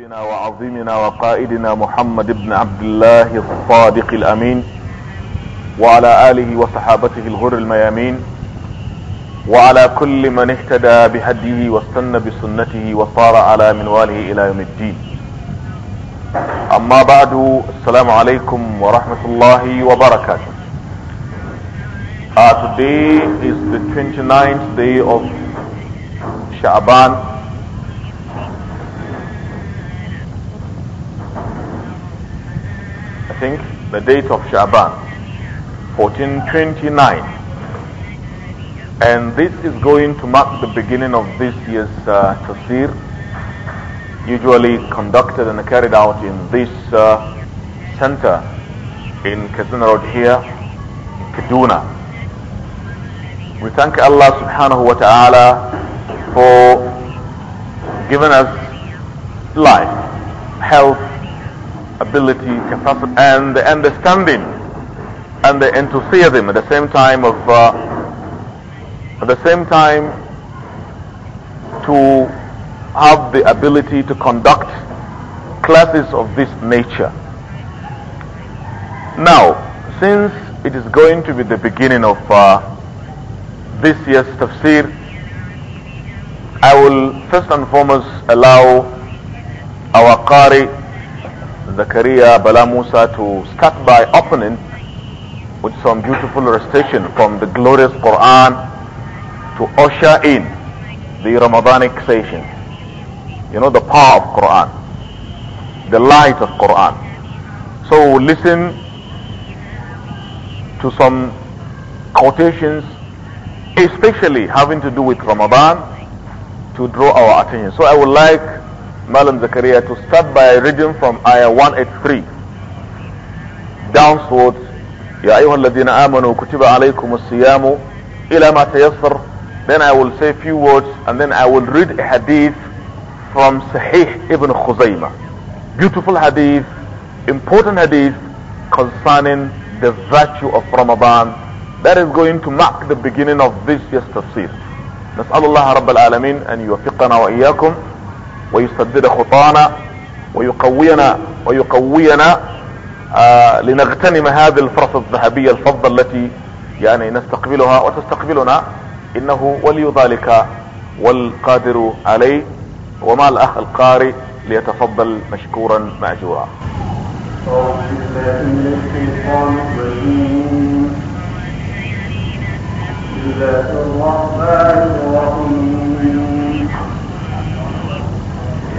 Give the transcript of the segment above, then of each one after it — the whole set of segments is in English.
حبيبنا وعظيمنا وقائدنا محمد بن عبد الله الصادق الامين وعلى اله وصحابته الغر الميامين وعلى كل من اهتدى بهديه واستنى بسنته وصار على منواله الى يوم الدين اما بعد السلام عليكم ورحمه الله وبركاته Uh, today is the 29th day of Sha'ban think, the date of Shaban, 1429. And this is going to mark the beginning of this year's uh, tafsir, usually conducted and carried out in this uh, center in Kazan Road here, Kaduna. We thank Allah subhanahu wa ta'ala for giving us life, health, ability, capacity, and the understanding and the enthusiasm at the same time of uh, at the same time to have the ability to conduct classes of this nature. Now, since it is going to be the beginning of uh, this year's tafsir, I will first and foremost allow our Qari Zakaria Bala Musa to start by opening with some beautiful recitation from the glorious Quran to usher in the Ramadanic session. You know the power of Quran, the light of Quran. So listen to some quotations, especially having to do with Ramadan, to draw our attention. So I would like Malam Zakaria to start by reading from ayah 183 downwards يا أيها الذين آمنوا كتب عليكم الصيام إلى ما تيسر then I will say a few words and then I will read a hadith from Sahih Ibn Khuzaima. beautiful hadith important hadith concerning the virtue of Ramadan that is going to mark the beginning of this year's tafsir نسأل الله رب العالمين أن يوفقنا وإياكم ويسدد خطانا ويقوينا ويقوينا آه لنغتنم هذه الفرصة الذهبية الفضة التي يعني نستقبلها وتستقبلنا انه ولي ذلك والقادر عليه وما الاخ القارئ ليتفضل مشكورا ماجورا بسم الله الرحمن الرحيم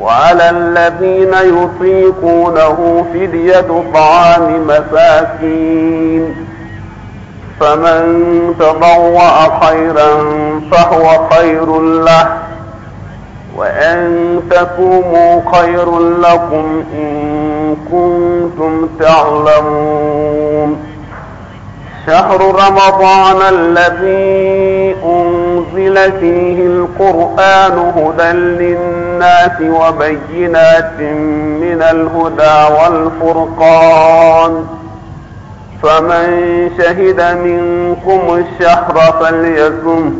وعلى الذين يطيقونه فدية طعام مساكين فمن تضوع خيرا فهو خير له وأن تكونوا خير لكم إن كنتم تعلمون شهر رمضان الذي أن أنزل فيه القرآن هدى للناس وبينات من الهدى والفرقان فمن شهد منكم الشهر فليزم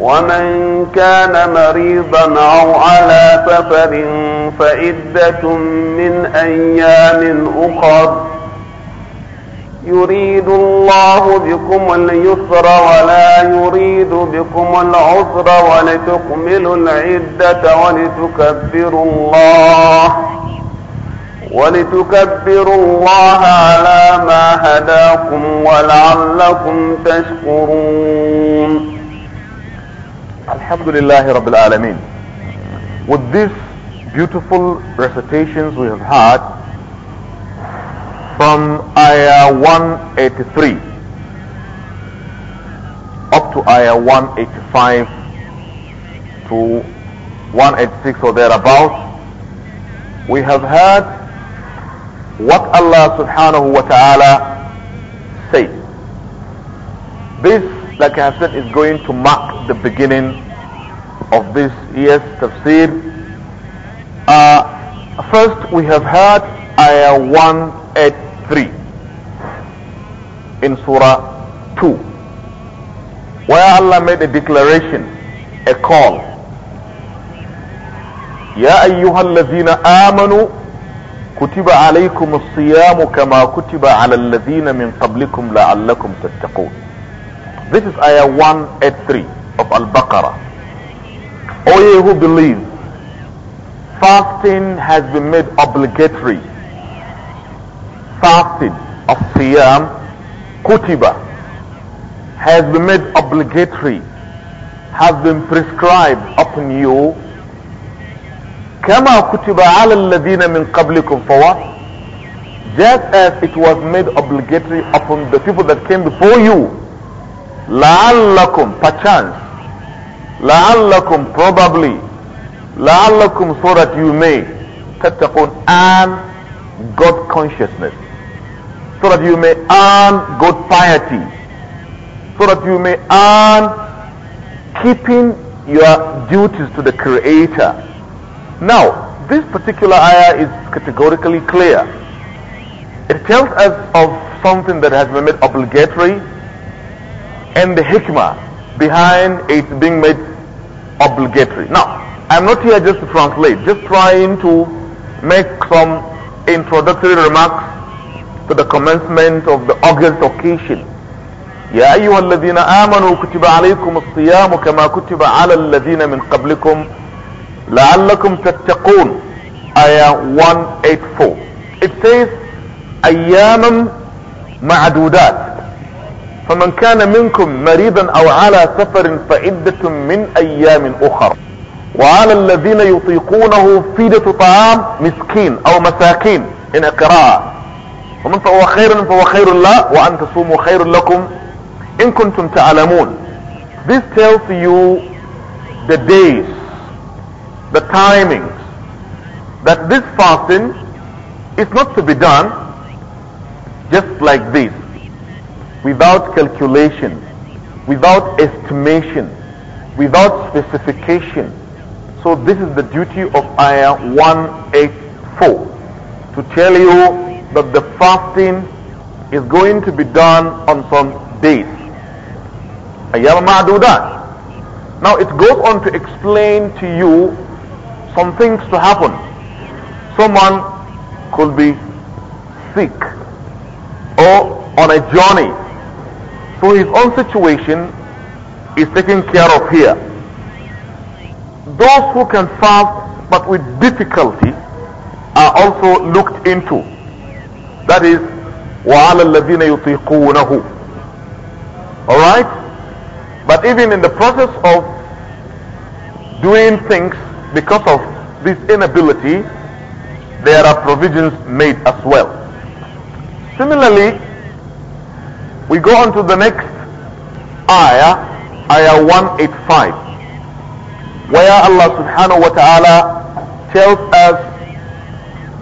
ومن كان مريضا أو على سفر فعدة من أيام أخر يريد الله بكم اليسر ولا يريد بكم العسر ولتكملوا العدة ولتكبروا الله ولتكبروا الله على ما هداكم ولعلكم تشكرون الحمد لله رب العالمين With these beautiful recitations we have had from ayah 183 up to ayah 185 to 186 or thereabouts, we have heard what Allah subhanahu wa ta'ala said. This, like I have said, is going to mark the beginning of this year's tafsir. Uh, first, we have heard ayah 183. 3 in Surah 2 where Allah made a declaration, a call. Ya أيها الذين آمنوا كتب عليكم الصيام كما كتب على الذين من قبلكم لعلكم تتقون This is ayah 183 of Al-Baqarah. O ye who believe, fasting has been made obligatory fasting of Siyam Kutiba has been made obligatory, has been prescribed upon you. كما كتب على الذين من قبلكم فوات just as it was made obligatory upon the people that came before you لعلكم perchance لعلكم probably لعلكم so that you may تتقون and God consciousness so that you may earn good piety, so that you may earn keeping your duties to the Creator. Now, this particular ayah is categorically clear. It tells us of something that has been made obligatory and the hikmah behind it being made obligatory. Now, I'm not here just to translate, just trying to make some introductory remarks to the commencement of the August occasion. يا أيها الذين آمنوا كتب عليكم الصيام كما كتب على الذين من قبلكم لعلكم تتقون آية 184 It says أياما معدودات فمن كان منكم مريضا أو على سفر فعدة من أيام أخر وعلى الذين يطيقونه فدة طعام مسكين أو مساكين إن قراءة ومن فهو خير فهو خير الله وأن تصوموا خير لكم إن كنتم تعلمون This tells you the days, the timings, that this fasting is not to be done just like this, without calculation, without estimation, without specification. So this is the duty of Ayah 184 to tell you that the fasting is going to be done on some days. Now it goes on to explain to you some things to happen. Someone could be sick or on a journey. So his own situation is taken care of here. Those who can fast but with difficulty are also looked into. That is, وَعَلَى الَّذِينَ يُطِيقُونَهُ Alright? But even in the process of doing things because of this inability, there are provisions made as well. Similarly, we go on to the next ayah, ayah 185, where Allah subhanahu wa ta'ala tells us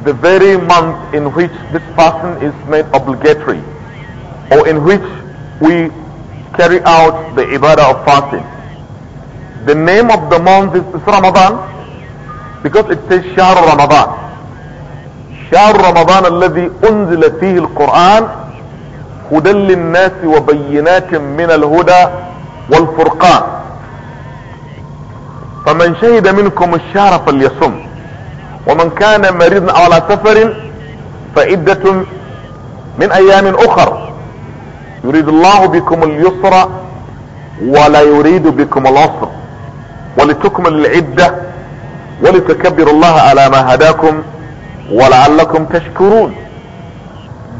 the very month in which this fasting is made obligatory or in which we carry out the ibadah of fasting. The name of the month is, is Ramadan because it says Shahr Ramadan. Shahr Ramadan الذي انزل فيه القرآن هدى للناس وبينات من الهدى والفرقان فمن شهد منكم الشهر فليصم ومن كان مريضا او على سفر فعدة من ايام اخر يريد الله بكم اليسر ولا يريد بكم العسر ولتكمل العدة ولتكبروا الله على ما هداكم ولعلكم تشكرون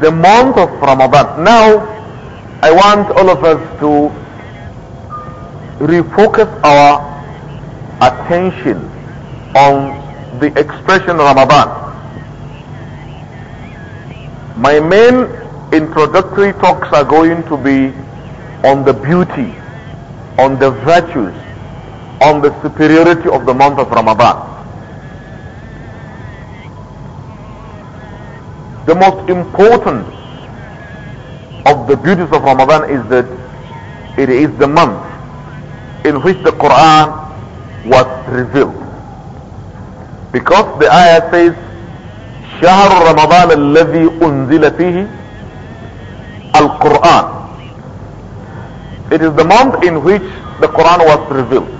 the month of Ramadan now I want all of us to refocus our attention on the expression Ramadan. My main introductory talks are going to be on the beauty, on the virtues, on the superiority of the month of Ramadan. The most important of the beauties of Ramadan is that it is the month in which the Quran was revealed. Because the ayah says, شهر رمضان الذي أنزل فيه القرآن. It is the month in which the Quran was revealed.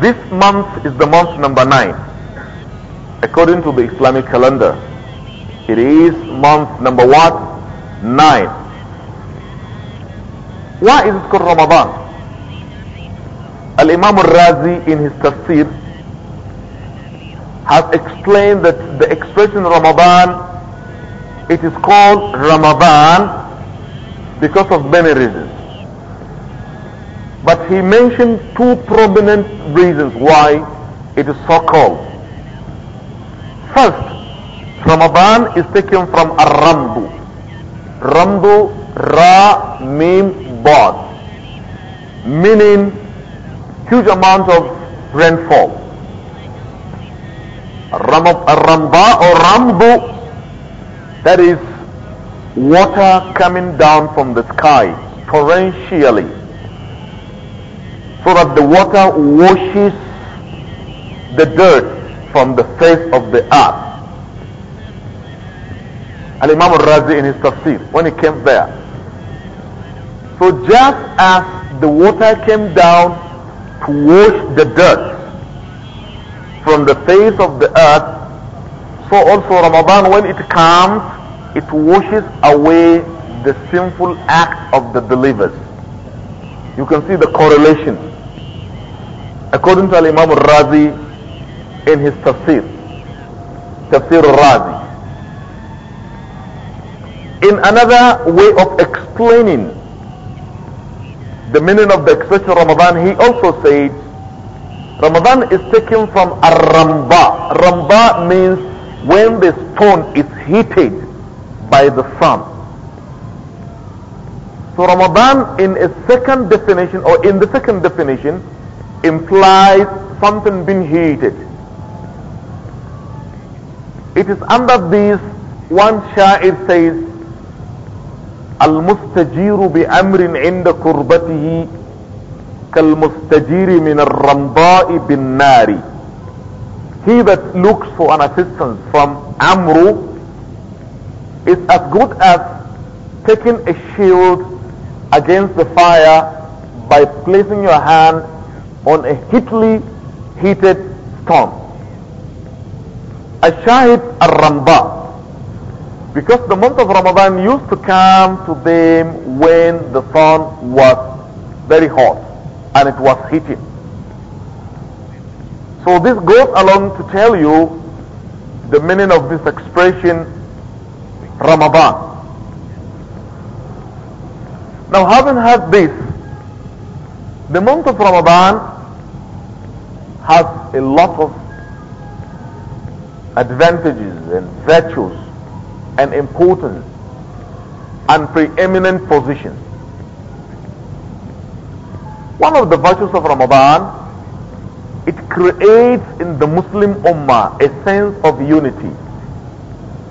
This month is the month number nine. According to the Islamic calendar, it is month number what? Nine. Why is it called Ramadan? Al-Imam al-Razi in his tafsir has explained that the expression Ramadan, it is called Ramadan because of many reasons. But he mentioned two prominent reasons why it is so called. First, Ramadan is taken from a rambu Rambu, Ra, Mim, Bod. Meaning huge amount of rainfall Ramda or Rambu, that is water coming down from the sky torrentially, so that the water washes the dirt from the face of the earth. Al Imam al Razi in his tafsir when he came there. So just as the water came down to wash the dirt from the face of the earth, so also Ramadan, when it comes, it washes away the sinful act of the believers. You can see the correlation. According to Imam al-Razi in his tafsir, tafsir razi In another way of explaining the meaning of the expression Ramadan, he also said, Ramadan is taken from Ar-Ramba. Ramba means when the stone is heated by the sun. So Ramadan in a second definition or in the second definition implies something being heated. It is under this one Sha'ir says, Al-Mustajiru bi amrin inda kurbatihi كالمستجير من الرمضاء بالنار he that looks for an assistance from Amru is as good as taking a shield against the fire by placing your hand on a heatly heated stone. Ashahid al-Ramba because the month of Ramadan used to come to them when the sun was very hot and it was hitting. So this goes along to tell you the meaning of this expression Ramadan. Now having had this, the month of Ramadan has a lot of advantages and virtues and importance and preeminent positions. One of the virtues of Ramadan, it creates in the Muslim Ummah a sense of unity.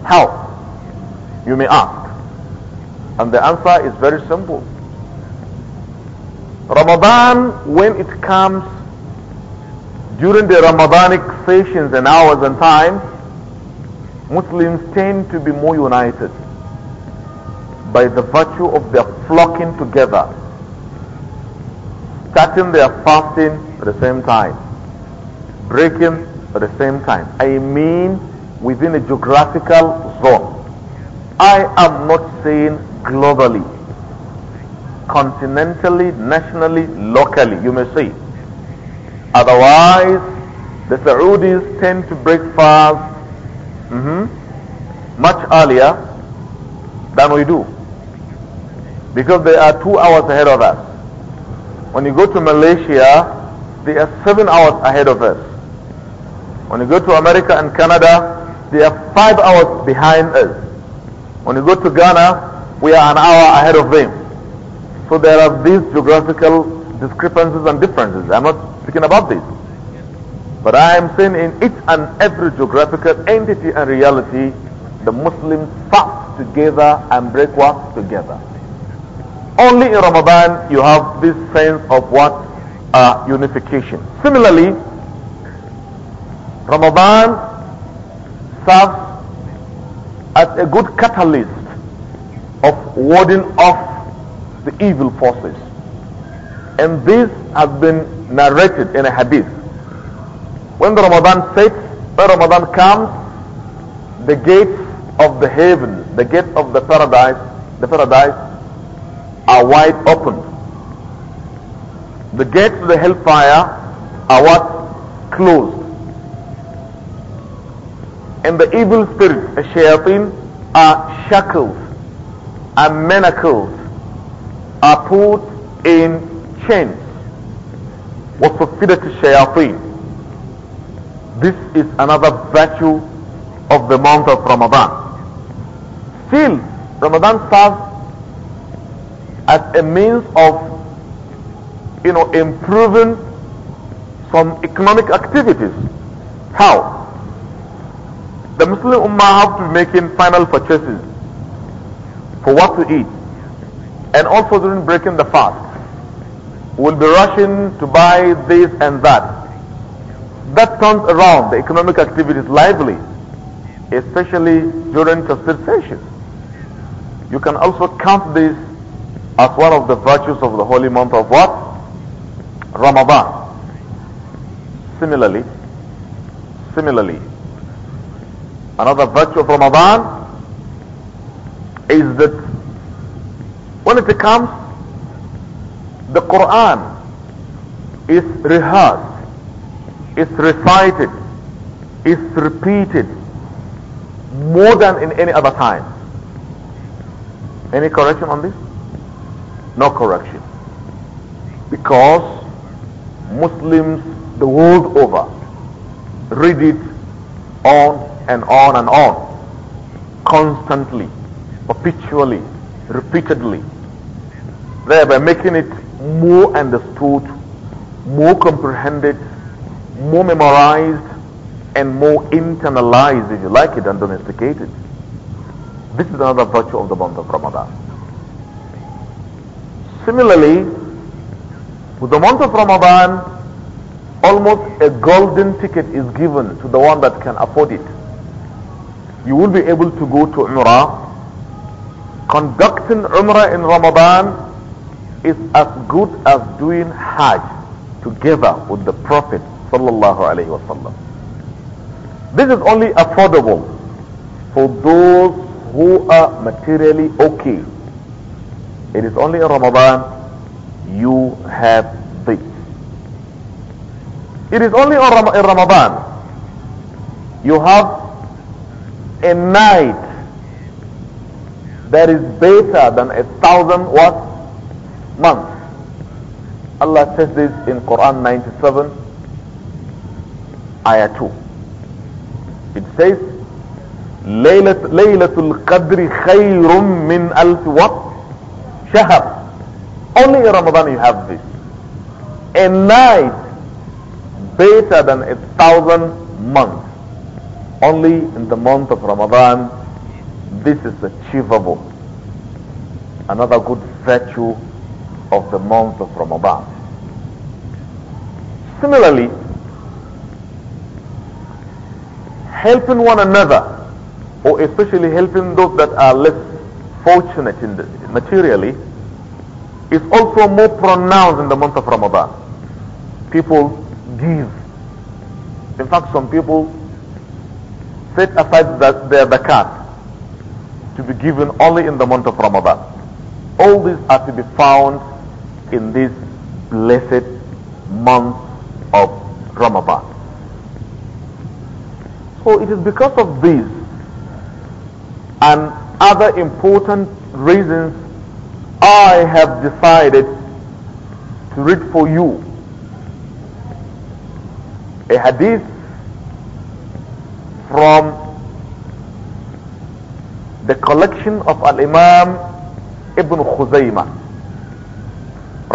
How? You may ask. And the answer is very simple. Ramadan, when it comes during the Ramadanic sessions and hours and times, Muslims tend to be more united by the virtue of their flocking together starting their fasting at the same time, breaking at the same time. I mean within a geographical zone. I am not saying globally, continentally, nationally, locally, you may say. Otherwise, the Saudis tend to break fast mm -hmm, much earlier than we do because they are two hours ahead of us. When you go to Malaysia, they are seven hours ahead of us. When you go to America and Canada, they are five hours behind us. When you go to Ghana, we are an hour ahead of them. So there are these geographical discrepancies and differences. I'm not speaking about this. But I am saying in each and every geographical entity and reality, the Muslims fast together and break fast together. Only in Ramadan you have this sense of what? Uh, unification. Similarly, Ramadan serves as a good catalyst of warding off the evil forces. And this has been narrated in a hadith. When the Ramadan sets, when Ramadan comes, the gates of the heaven, the gate of the paradise, the paradise are wide open. The gates of the hellfire are what? Closed. And the evil spirits, the shayateen, are shackled, are manacles are put in chains. to الشياطين This is another virtue of the month of Ramadan. Still, Ramadan starts as a means of, you know, improving some economic activities. How? The Muslim Ummah have to be making final purchases for what to eat and also during breaking the fast will be rushing to buy this and that. That turns around the economic activities lively, especially during the transportation. You can also count this as one of the virtues of the holy month of what? Ramadan. Similarly, similarly, another virtue of Ramadan is that when it comes, the Quran is rehearsed, is recited, is repeated more than in any other time. Any correction on this? no correction. Because Muslims the world over read it on and on and on, constantly, perpetually, repeatedly, thereby making it more understood, more comprehended, more memorized, and more internalized, if you like it, and domesticated. This is another virtue of the month of Ramadan. Similarly, with the month of Ramadan, almost a golden ticket is given to the one that can afford it. You will be able to go to Umrah. Conducting Umrah in Ramadan is as good as doing Hajj together with the Prophet sallallahu alaihi wasallam. This is only affordable for those who are materially okay it is only in Ramadan you have this. It is only in Ramadan you have a night that is better than a thousand what months. Allah says this in Quran 97, ayah 2. It says, "Laylat Laylatul القدر خير min ألف وقت Shahab. Only in Ramadan you have this. A night better than a thousand months. Only in the month of Ramadan this is achievable. Another good virtue of the month of Ramadan. Similarly, helping one another or especially helping those that are less fortunate in the, materially is also more pronounced in the month of Ramadan. People give. In fact, some people set aside that their zakat to be given only in the month of Ramadan. All these are to be found in this blessed month of Ramadan. So it is because of this and other important reasons I have decided to read for you a hadith from the collection of Al-Imam Ibn Khuzaymah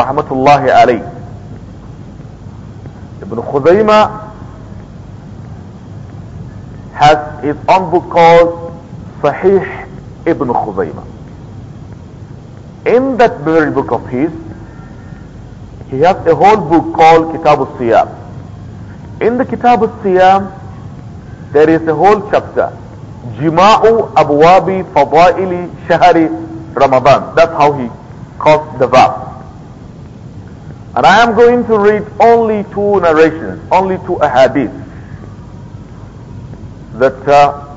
rahmatullahi alayh Ibn Khuzaymah has his own book called Sahih Ibn Khuzaymah. In that very book of his, he has a whole book called Kitab al-Siyam. In the Kitab al-Siyam, there is a whole chapter, Jima'u Abwabi Fadaili Shahari Ramadan. That's how he calls the verse. And I am going to read only two narrations, only two ahadith that uh,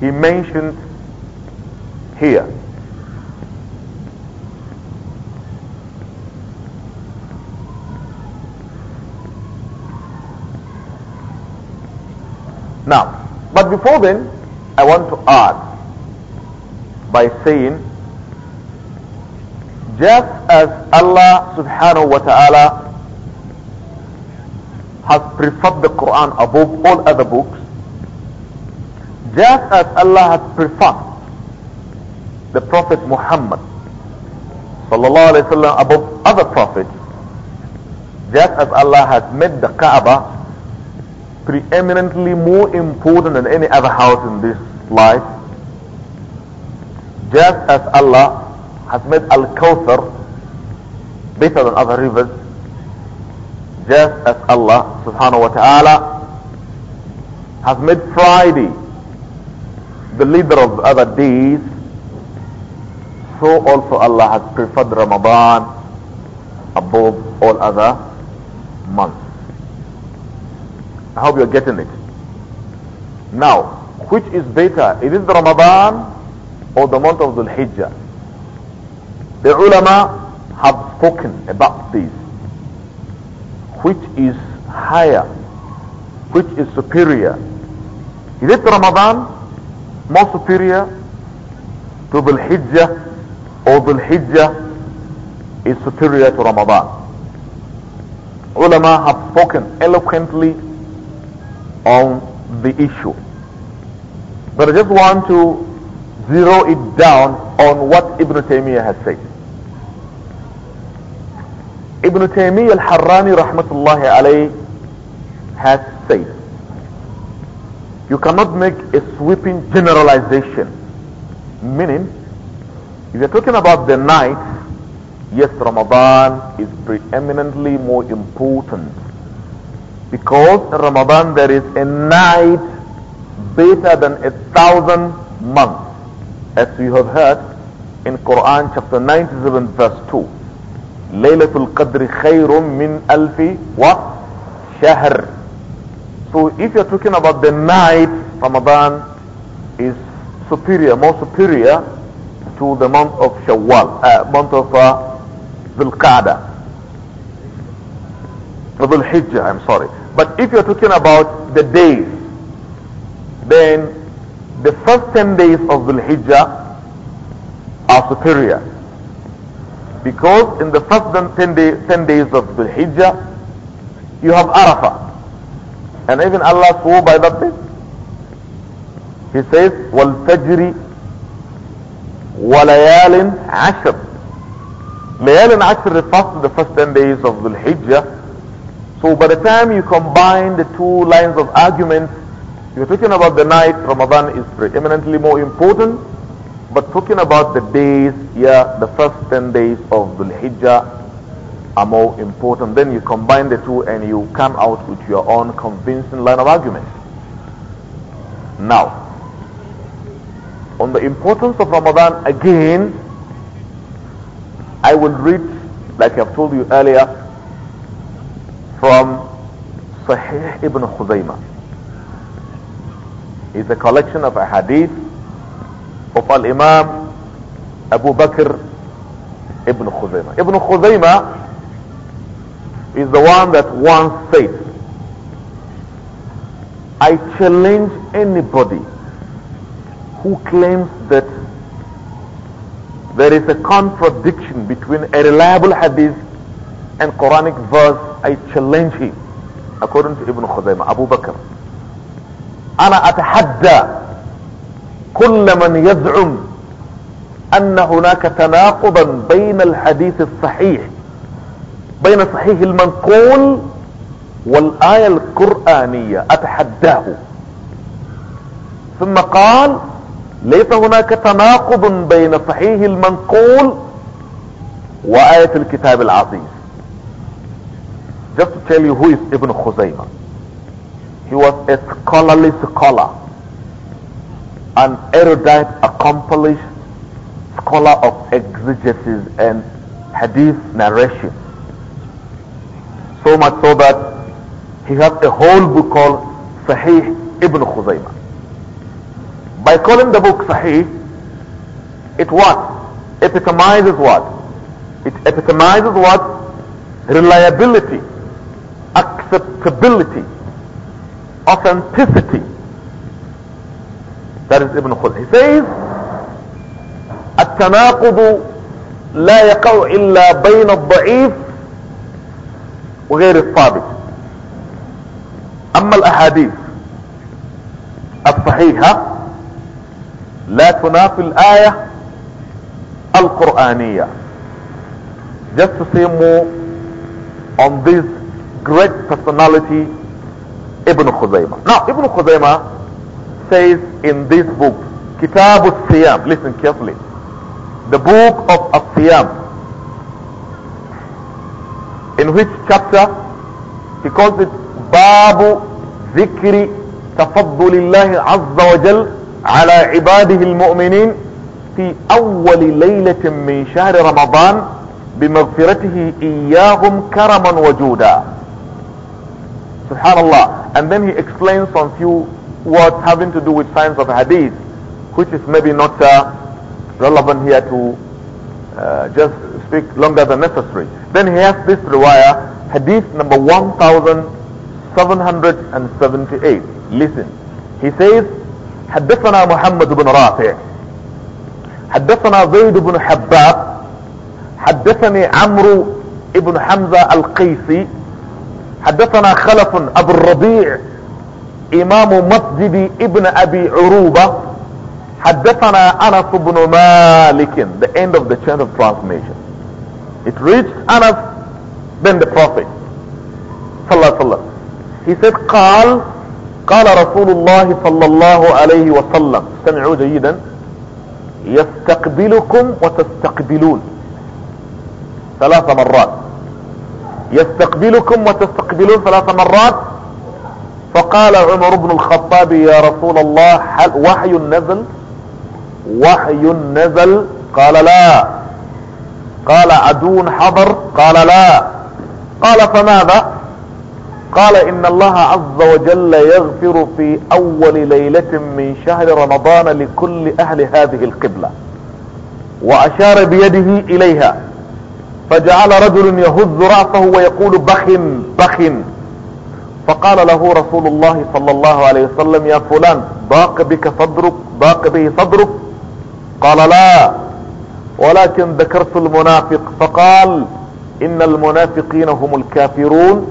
he mentioned here. Now, but before then, I want to add by saying, just as Allah subhanahu wa ta'ala has preferred the Quran above all other books, just as Allah has preferred the Prophet Muhammad sallallahu alaihi wasallam above other prophets, just as Allah has made the Kaaba preeminently more important than any other house in this life, just as Allah has made Al-Kawthar better than other rivers, just as Allah subhanahu wa ta'ala has made Friday the leader of the other days so also Allah has preferred Ramadan above all other months. I hope you're getting it. Now, which is better? It is it Ramadan or the month of Dhul Hijjah? The ulama have spoken about this. Which is higher? Which is superior? Is it Ramadan more superior to Dhul Hijjah or the Hijjah is superior to Ramadan. Ulama have spoken eloquently on the issue. But I just want to zero it down on what Ibn Taymiyyah has said. Ibn Taymiyyah al-Harrani rahmatullahi alayhi has said, you cannot make a sweeping generalization, meaning if you're talking about the night, yes, Ramadan is preeminently more important because in Ramadan there is a night better than a thousand months, as we have heard in Quran chapter 97 verse 2. Laylatul Qadr khayrun min alfi wa shahr. So if you're talking about the night, Ramadan is superior, more superior to the month of Shawwal, uh, month of uh, dhul Dhul-Hijjah, I'm sorry. But if you're talking about the days, then the first 10 days of Dhul-Hijjah are superior. Because in the first 10, day, 10 days of Dhul-Hijjah, you have Arafah. And even Allah swore by that day. He says, وَالْفَجْرِ وَلَيَالٍ عَشْرٍ Layal al-Ashr refers to the first 10 days of Dhul Hijjah. So by the time you combine the two lines of arguments, you're talking about the night, Ramadan is preeminently more important. But talking about the days, yeah, the first 10 days of Dhul Hijjah are more important. Then you combine the two and you come out with your own convincing line of argument. Now, on the importance of Ramadan again, I will read, like I've told you earlier, from Sahih Ibn Khuzaymah. It's a collection of hadith of Al-Imam Abu Bakr Ibn Khuzaymah. Ibn Khuzaymah is the one that once said, I challenge anybody who claims that there is a contradiction between a reliable hadith and Quranic verse, I challenge him. According to Ibn Khuzaimah, Abu Bakr. أنا أتحدى كل من يزعم أن هناك تناقضا بين الحديث الصحيح بين صحيح المنقول والآية القرآنية أتحداه ثم قال ليس هناك تناقض بين صحيح المنقول وآية الكتاب العزيز just to tell you who is Ibn Khuzayma. he was a scholarly scholar an erudite accomplished scholar of exegesis and hadith narration so much so that he has a whole book called Sahih Ibn Khuzayma. By calling the book Sahih, it what? Epitomizes what? It epitomizes what? Reliability, acceptability, authenticity. That is Ibn Khul. He says, التناقض لا يقع إلا بين الضعيف وغير الصابت أما الأحاديث الصحيحة لا تنافي الآية القرآنية just to say more on this great personality Ibn Khuzaymah now Ibn Khuzaymah says in this book Kitab al-Siyam listen carefully the book of al-Siyam in which chapter he calls it Babu Zikri تفضل الله عز وجل على عباده المؤمنين في أول ليلة من شهر رمضان بمغفرته إياهم كرما وجودا Subhanallah. And then he explains some few words having to do with signs of hadith, which is maybe not uh, relevant here to uh, just speak longer than necessary. Then he has this riwayah, hadith number 1778. Listen. He says, حدثنا محمد بن رافع حدثنا زيد بن حباب حدثني عمرو ابن حمزة القيسي حدثنا خلف أبو الربيع إمام مسجد ابن أبي عروبة حدثنا أنس بن مالك the end of the chain of transmission it reached انس then the Prophet صلى الله عليه وسلم he said قال قال رسول الله صلى الله عليه وسلم استمعوا جيدا يستقبلكم وتستقبلون ثلاث مرات يستقبلكم وتستقبلون ثلاث مرات فقال عمر بن الخطاب يا رسول الله هل وحي نزل وحي نزل قال لا قال عدو حضر قال لا قال فماذا قال إن الله عز وجل يغفر في أول ليلة من شهر رمضان لكل أهل هذه القبلة وأشار بيده إليها فجعل رجل يهز رأسه ويقول بخ بخ فقال له رسول الله صلى الله عليه وسلم يا فلان ضاق بك صدرك ضاق به صدرك قال لا ولكن ذكرت المنافق فقال إن المنافقين هم الكافرون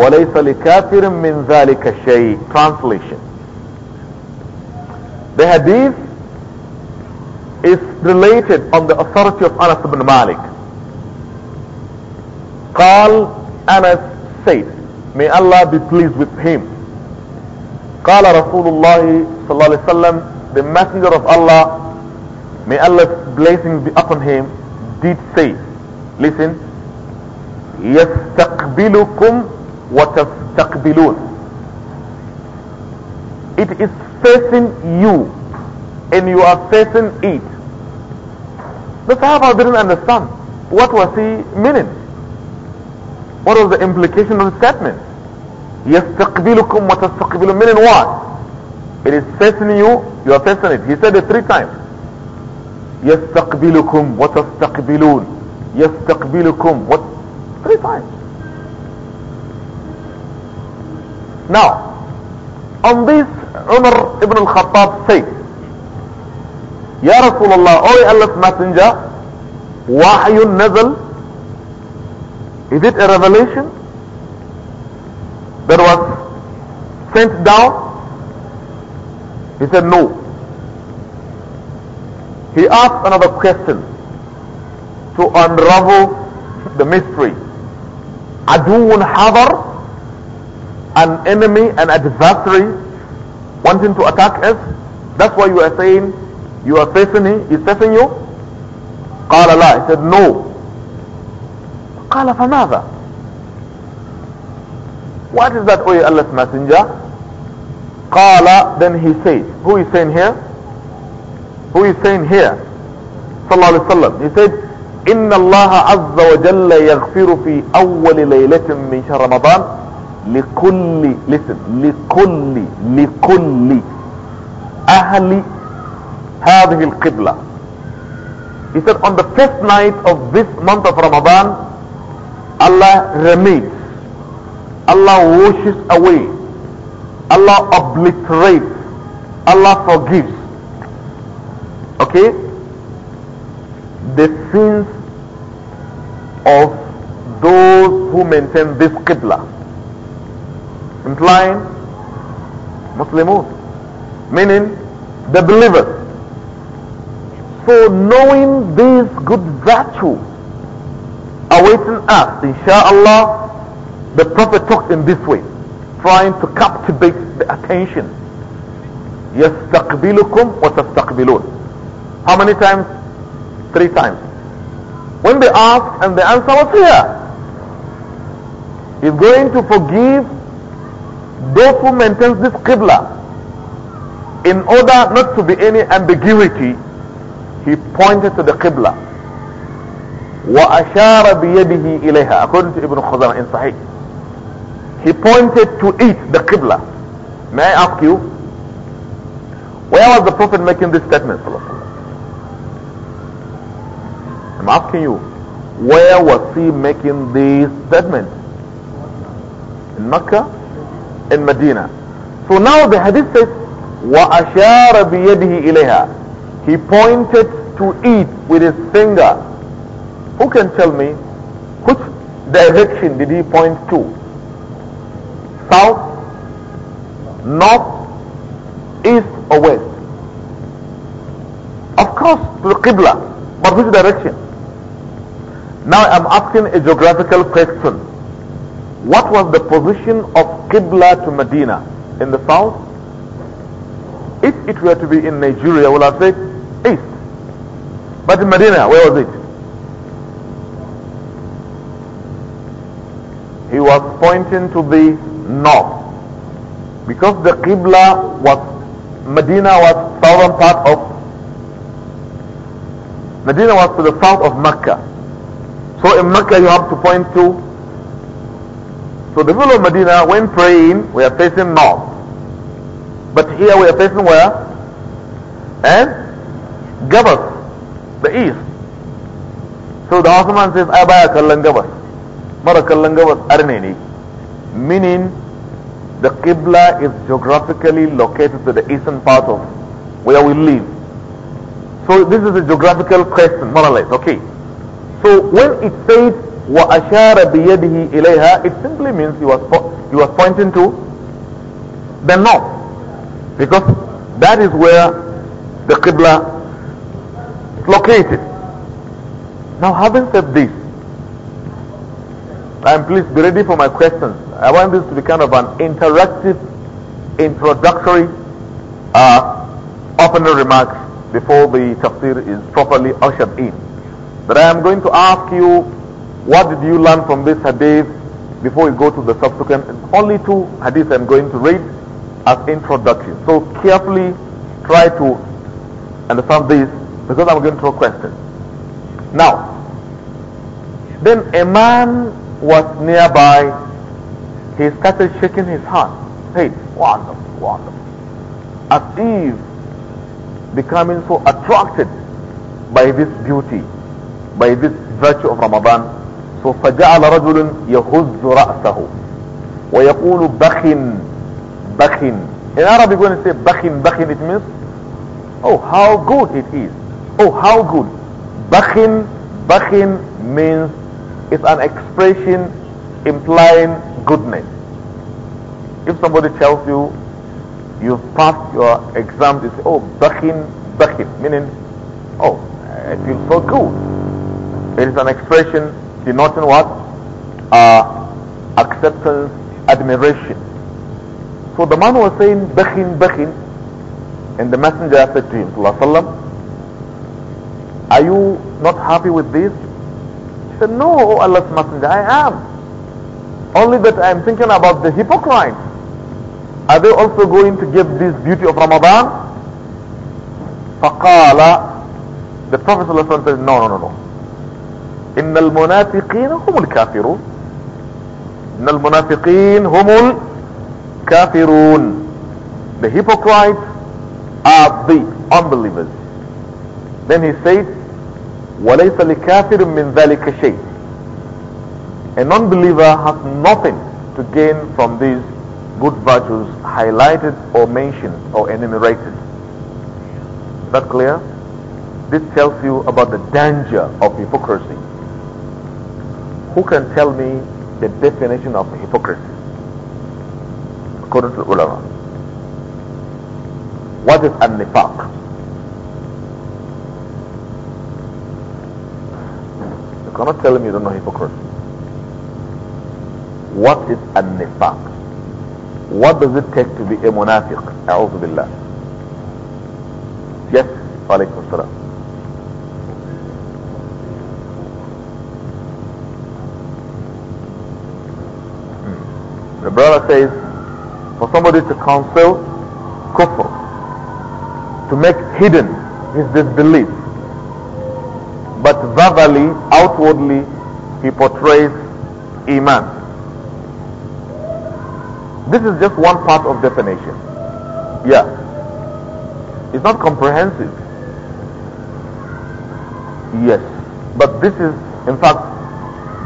وَلَيْسَ لِكَافِرٍ مِّن ذَلِكَ شَيْءٍ Translation The hadith is related on the authority of Anas ibn Malik. قال Anas said, May Allah be pleased with him. قال رسول الله صلى الله عليه وسلم, the messenger of Allah, may Allah's blessing be upon him, did say, listen, يستقبلكم وَتَسْتَقْبِلُونَ It is facing you and you are facing it. The Sahaba didn't understand what was he meaning. What was the implication of the statement? يَسْتَقْبِلُكُمْ وَتَسْتَقْبِلُونَ Meaning what? It is facing you, you are facing it. He said it three times. يَسْتَقْبِلُكُمْ وَتَسْتَقْبِلُونَ يَسْتَقْبِلُكُمْ what? Three times. Now, on this Umar ibn al-Khattab said, Ya Rasulullah, O Allah's Messenger, Wahyun Nazal, is it a revelation that was sent down? He said, no. He asked another question to unravel the mystery. Aduun Hadar, an enemy, an adversary wanting to attack us. That's why you are saying you are facing him, he's facing you. قال لا, he said no. قال فماذا? What is that, O oh, Allah's messenger? قال, then he said, who is saying here? Who is saying here? Sallallahu Alaihi He said, إن الله عز وجل يغفر في أول ليلة من شهر رمضان لكل listen لكل لكل أهل هذه القبلة He said on the fifth night of this month of Ramadan Allah remakes Allah washes away Allah obliterates Allah forgives okay the sins of those who maintain this Qibla implying Muslimun, meaning the believers. So knowing these good virtues awaiting us, insha'Allah, the Prophet talked in this way, trying to captivate the attention. يستقبلكم وتستقبلون. How many times? Three times. When they asked and the answer was here. He's going to forgive those who maintain this Qibla, in order not to be any ambiguity, he pointed to the Qibla. وَأَشَارَ بِيَدِهِ إِلَيْهَا According to Ibn Khuzana in Sahih. He pointed to it, the Qibla. May I ask you, where was the Prophet making this statement? I'm asking you, where was he making this statement? In Mecca? in Medina. So now the hadith says, وَأَشَارَ بِيَدِهِ إِلَيْهَا He pointed to it with his finger. Who can tell me which direction did he point to? South, north, east or west? Of course to the Qibla, but which direction? Now I'm asking a geographical question. What was the position of Qibla to Medina? In the south? If it were to be in Nigeria, we'll have said east. But in Medina, where was it? He was pointing to the north. Because the Qibla was, Medina was southern part of, Medina was to the south of Mecca. So in Mecca you have to point to so the people of Medina, when praying, we are facing north. But here we are facing where? And Gabas, the east. So the Ottoman says, I buy a kallon Gabas. Arneni. Meaning, the Qibla is geographically located to the eastern part of where we live. So this is a geographical question, more or less. Okay. So when it says وأشار بيده إليها it simply means he was, he was pointing to the north because that is where the Qibla is located now having said this I'm please be ready for my questions I want this to be kind of an interactive introductory uh, opening remarks before the tafsir is properly ushered in but I am going to ask you what did you learn from this hadith before we go to the subsequent? Only two hadiths I'm going to read as introduction. So carefully try to understand this because I'm going to ask questions. Now, then a man was nearby. He started shaking his hand. Hey, wonderful, wonderful. As if becoming so attracted by this beauty, by this virtue of Ramadan فجعل رجل يهز رأسه ويقول بخن بخن in Arabic when you say بخن بخن it means oh how good it is oh how good بخن بخن means it's an expression implying goodness if somebody tells you you've passed your exam they say oh بخن بخن meaning oh I feel so good it is an expression denoting what? Uh, acceptance, admiration. So the man was saying, Bakhin, Bakhin. And the messenger said to him, Sallallahu Are you not happy with this? He said, No, O Allah's messenger, I am. Only that I am thinking about the hypocrites. Are they also going to give this beauty of Ramadan? فقال The Prophet said, No, no, no, no. إن المنافقين هم الكافرون إن المنافقين هم الكافرون The hypocrites are the unbelievers. Then he said, وليس لكافر من ذلك شيء. A non-believer has nothing to gain from these good virtues highlighted or mentioned or enumerated. Is that clear? This tells you about the danger of hypocrisy who can tell me the definition of hypocrisy according to ulama what is an-nifaq you cannot tell me you don't know hypocrisy what is an-nifaq what does it take to be a munafiq a'udhu billah yes alaykum salam The brother says, for somebody to counsel kufr, to make hidden his disbelief, but verbally, outwardly, he portrays iman. This is just one part of definition. Yeah. It's not comprehensive. Yes. But this is, in fact,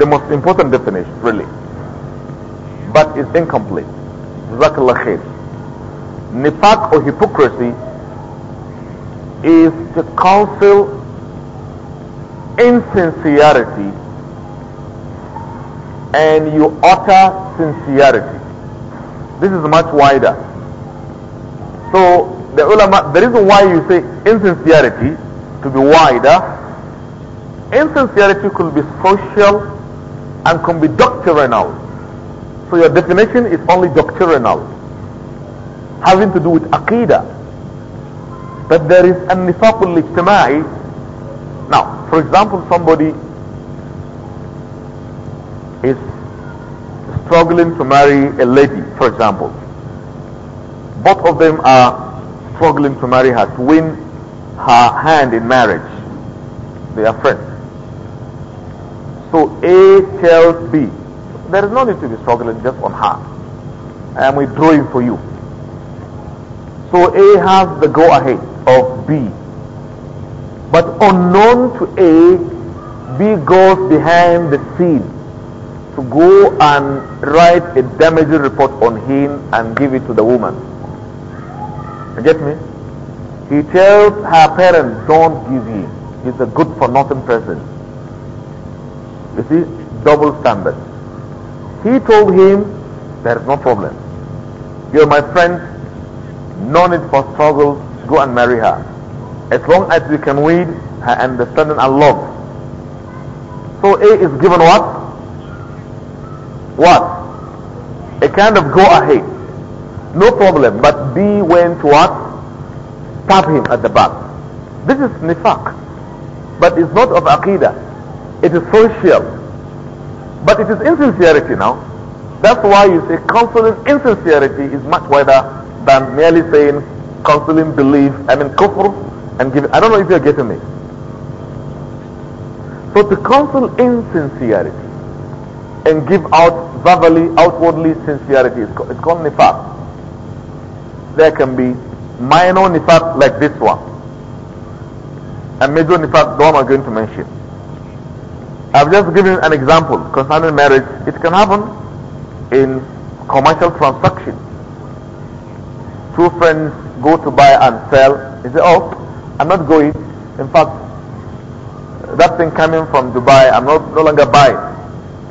the most important definition, really but is incomplete. Jazakallah khair. or hypocrisy is to counsel insincerity and you utter sincerity. This is much wider. So the ulama, the reason why you say insincerity to be wider, insincerity could be social and can be doctrinal. So your definition is only doctrinal, having to do with aqidah. But there is an nifaqul ijtima'i. Now, for example, somebody is struggling to marry a lady, for example. Both of them are struggling to marry her, to win her hand in marriage. They are friends. So A tells B, there is no need to be struggling just on her. I am withdrawing for you. So A has the go ahead of B. But unknown to A, B goes behind the scene to go and write a damaging report on him and give it to the woman. You get me? He tells her parents, don't give him. He's a good for nothing person. You see, double standard. He told him, there is no problem. You're my friend. No need for struggle. Go and marry her. As long as you can win her understanding and love. So A is given what? What? A kind of go ahead. No problem. But B went what? Stab him at the back. This is nifaq. But it's not of aqidah. It is social. But it is insincerity now. That's why you say counseling insincerity is much wider than merely saying counseling belief, I mean kufr and giving. I don't know if you're getting me. So to counsel insincerity and give out verbally, outwardly sincerity, is called, it's called nifaq. There can be minor nifaq like this one. And major nifaq, the one I'm going to mention. I've just given an example concerning marriage. It can happen in commercial transactions. Two friends go to buy and sell. Is it oh, I'm not going. In fact, that thing coming from Dubai, I'm not no longer buying.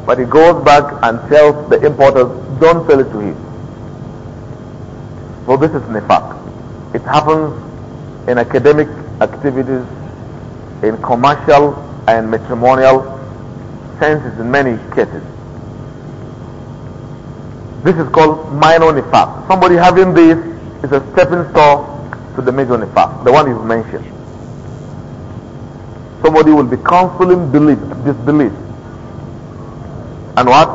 But he goes back and tells the importers, don't sell it to him. So this is nifaq. It happens in academic activities, in commercial and matrimonial senses in many cases. This is called minor nifaq. Somebody having this is a stepping stone to the major nifaq, the one you've mentioned. Somebody will be counseling belief, disbelief. And what?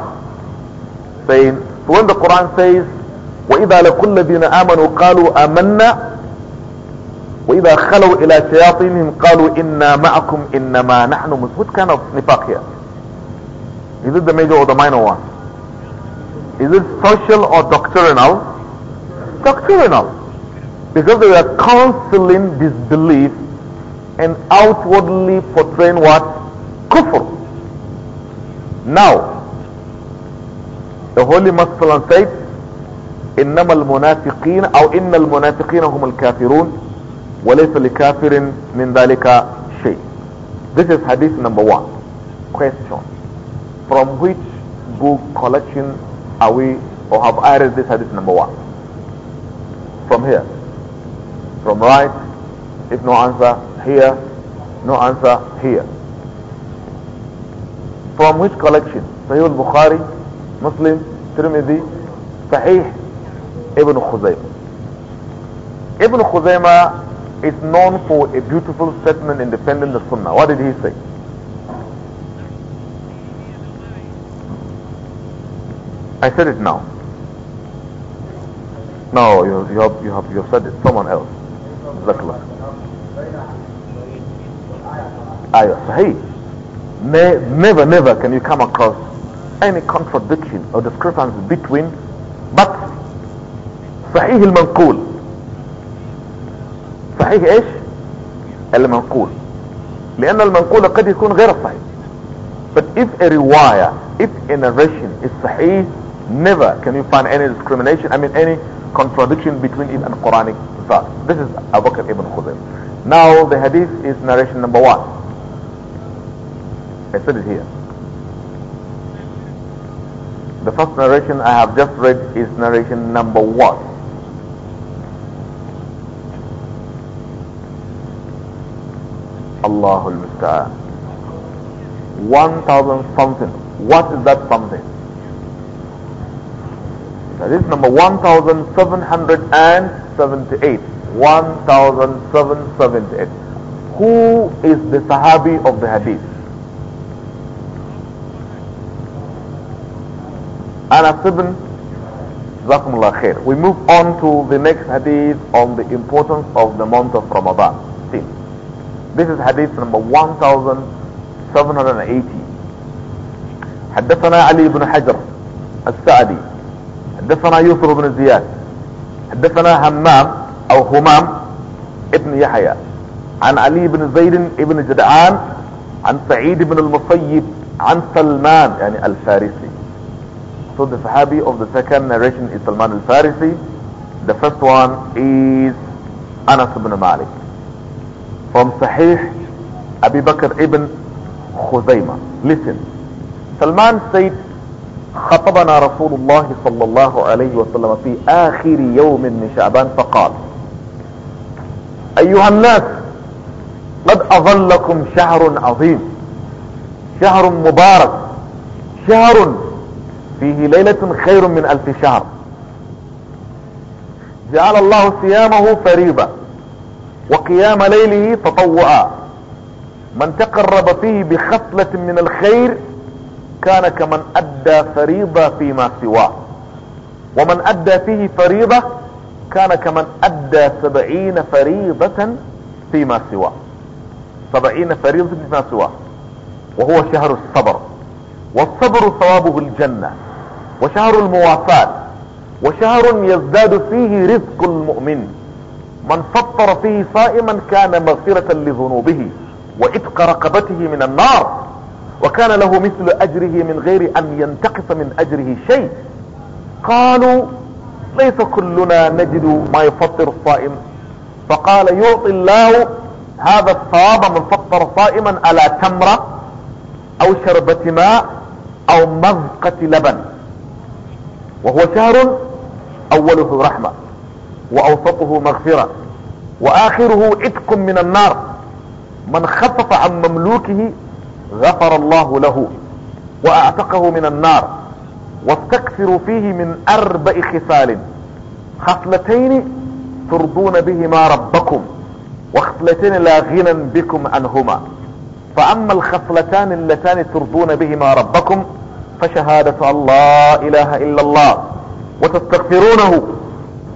Saying, so when the Quran says, وَإِذَا لَقُوا الَّذِينَ آمَنُوا قَالُوا آمَنَّا وإذا خلوا إلى شياطينهم قالوا إنا معكم إنما نحن مس what kind of nifaq here is it the major or the minor one? Is it social or doctrinal? Doctrinal. Because they are counseling disbelief and outwardly portraying what? Kufr. Now, the Holy Masculine said, إنما المنافقين أو إن المنافقين هم الكافرون وليس لكافر من ذلك شيء. This is hadith number one. Question. From which book collection are we or have I read this hadith number one? From here. From right, if no answer, here, no answer, here. From which collection? Sahih al-Bukhari, Muslim, Tirmidhi, Sahih, Ibn Khuzaymah. Ibn Khuzaymah is known for a beautiful statement independent of Sunnah. What did he say? I said it now. No, you, you have you have you have said it. Someone else. Zakla. Ayah, Sahih. never, never can you come across any contradiction or discrepancy between but صحيح المنقول صحيح ايش المنقول لان المنقول قد يكون غير صحيح but if a riwayah if a narration is صحيح Never can you find any discrimination, I mean any contradiction between it and Quranic thought. This is Abu Bakr ibn Khuzayl. Now the hadith is narration number one. I said it here. The first narration I have just read is narration number one. Allahul Musta'an. 1000 something. What is that something? That is number 1778. 1778. Who is the Sahabi of the Hadith? Anas ibn Zakumullah khair. We move on to the next hadith on the importance of the month of Ramadan. See, this is hadith number 1780. حدثنا علي بن حجر السعدي حدثنا يوسف بن زياد حدثنا همام او همام ابن يحيى عن علي بن زيد ابن جدعان عن سعيد بن المصيب عن سلمان يعني الفارسي So the Sahabi of the second narration is Salman al-Farisi. The first one is Anas ibn Malik. From Sahih, Abu Bakr ibn Khuzaimah. Listen. Salman said, خطبنا رسول الله صلى الله عليه وسلم في آخر يوم من شعبان فقال أيها الناس قد أظلكم شهر عظيم شهر مبارك شهر فيه ليلة خير من ألف شهر جعل الله صيامه فريضة وقيام ليله تطوعا من تقرب فيه بخصلة من الخير كان كمن أدى فريضة فيما سواه ومن أدى فيه فريضة كان كمن أدى سبعين فريضة فيما سواه سبعين فريضة فيما سواه وهو شهر الصبر والصبر ثوابه الجنة وشهر الموافاة وشهر يزداد فيه رزق المؤمن من فطر فيه صائما كان مغفرة لذنوبه وإتق رقبته من النار وكان له مثل أجره من غير أن ينتقص من أجره شيء قالوا ليس كلنا نجد ما يفطر الصائم فقال يعطي الله هذا الصواب من فطر صائما على تمرة أو شربة ماء أو مذقة لبن وهو شهر أوله رحمة وأوسطه مغفرة وآخره عتق من النار من خفف عن مملوكه غفر الله له وأعتقه من النار واستكثروا فيه من أربع خصال خصلتين ترضون بهما ربكم وخصلتين لا غنى بكم عنهما فأما الخصلتان اللتان ترضون بهما ربكم فشهادة الله إله إلا الله وتستغفرونه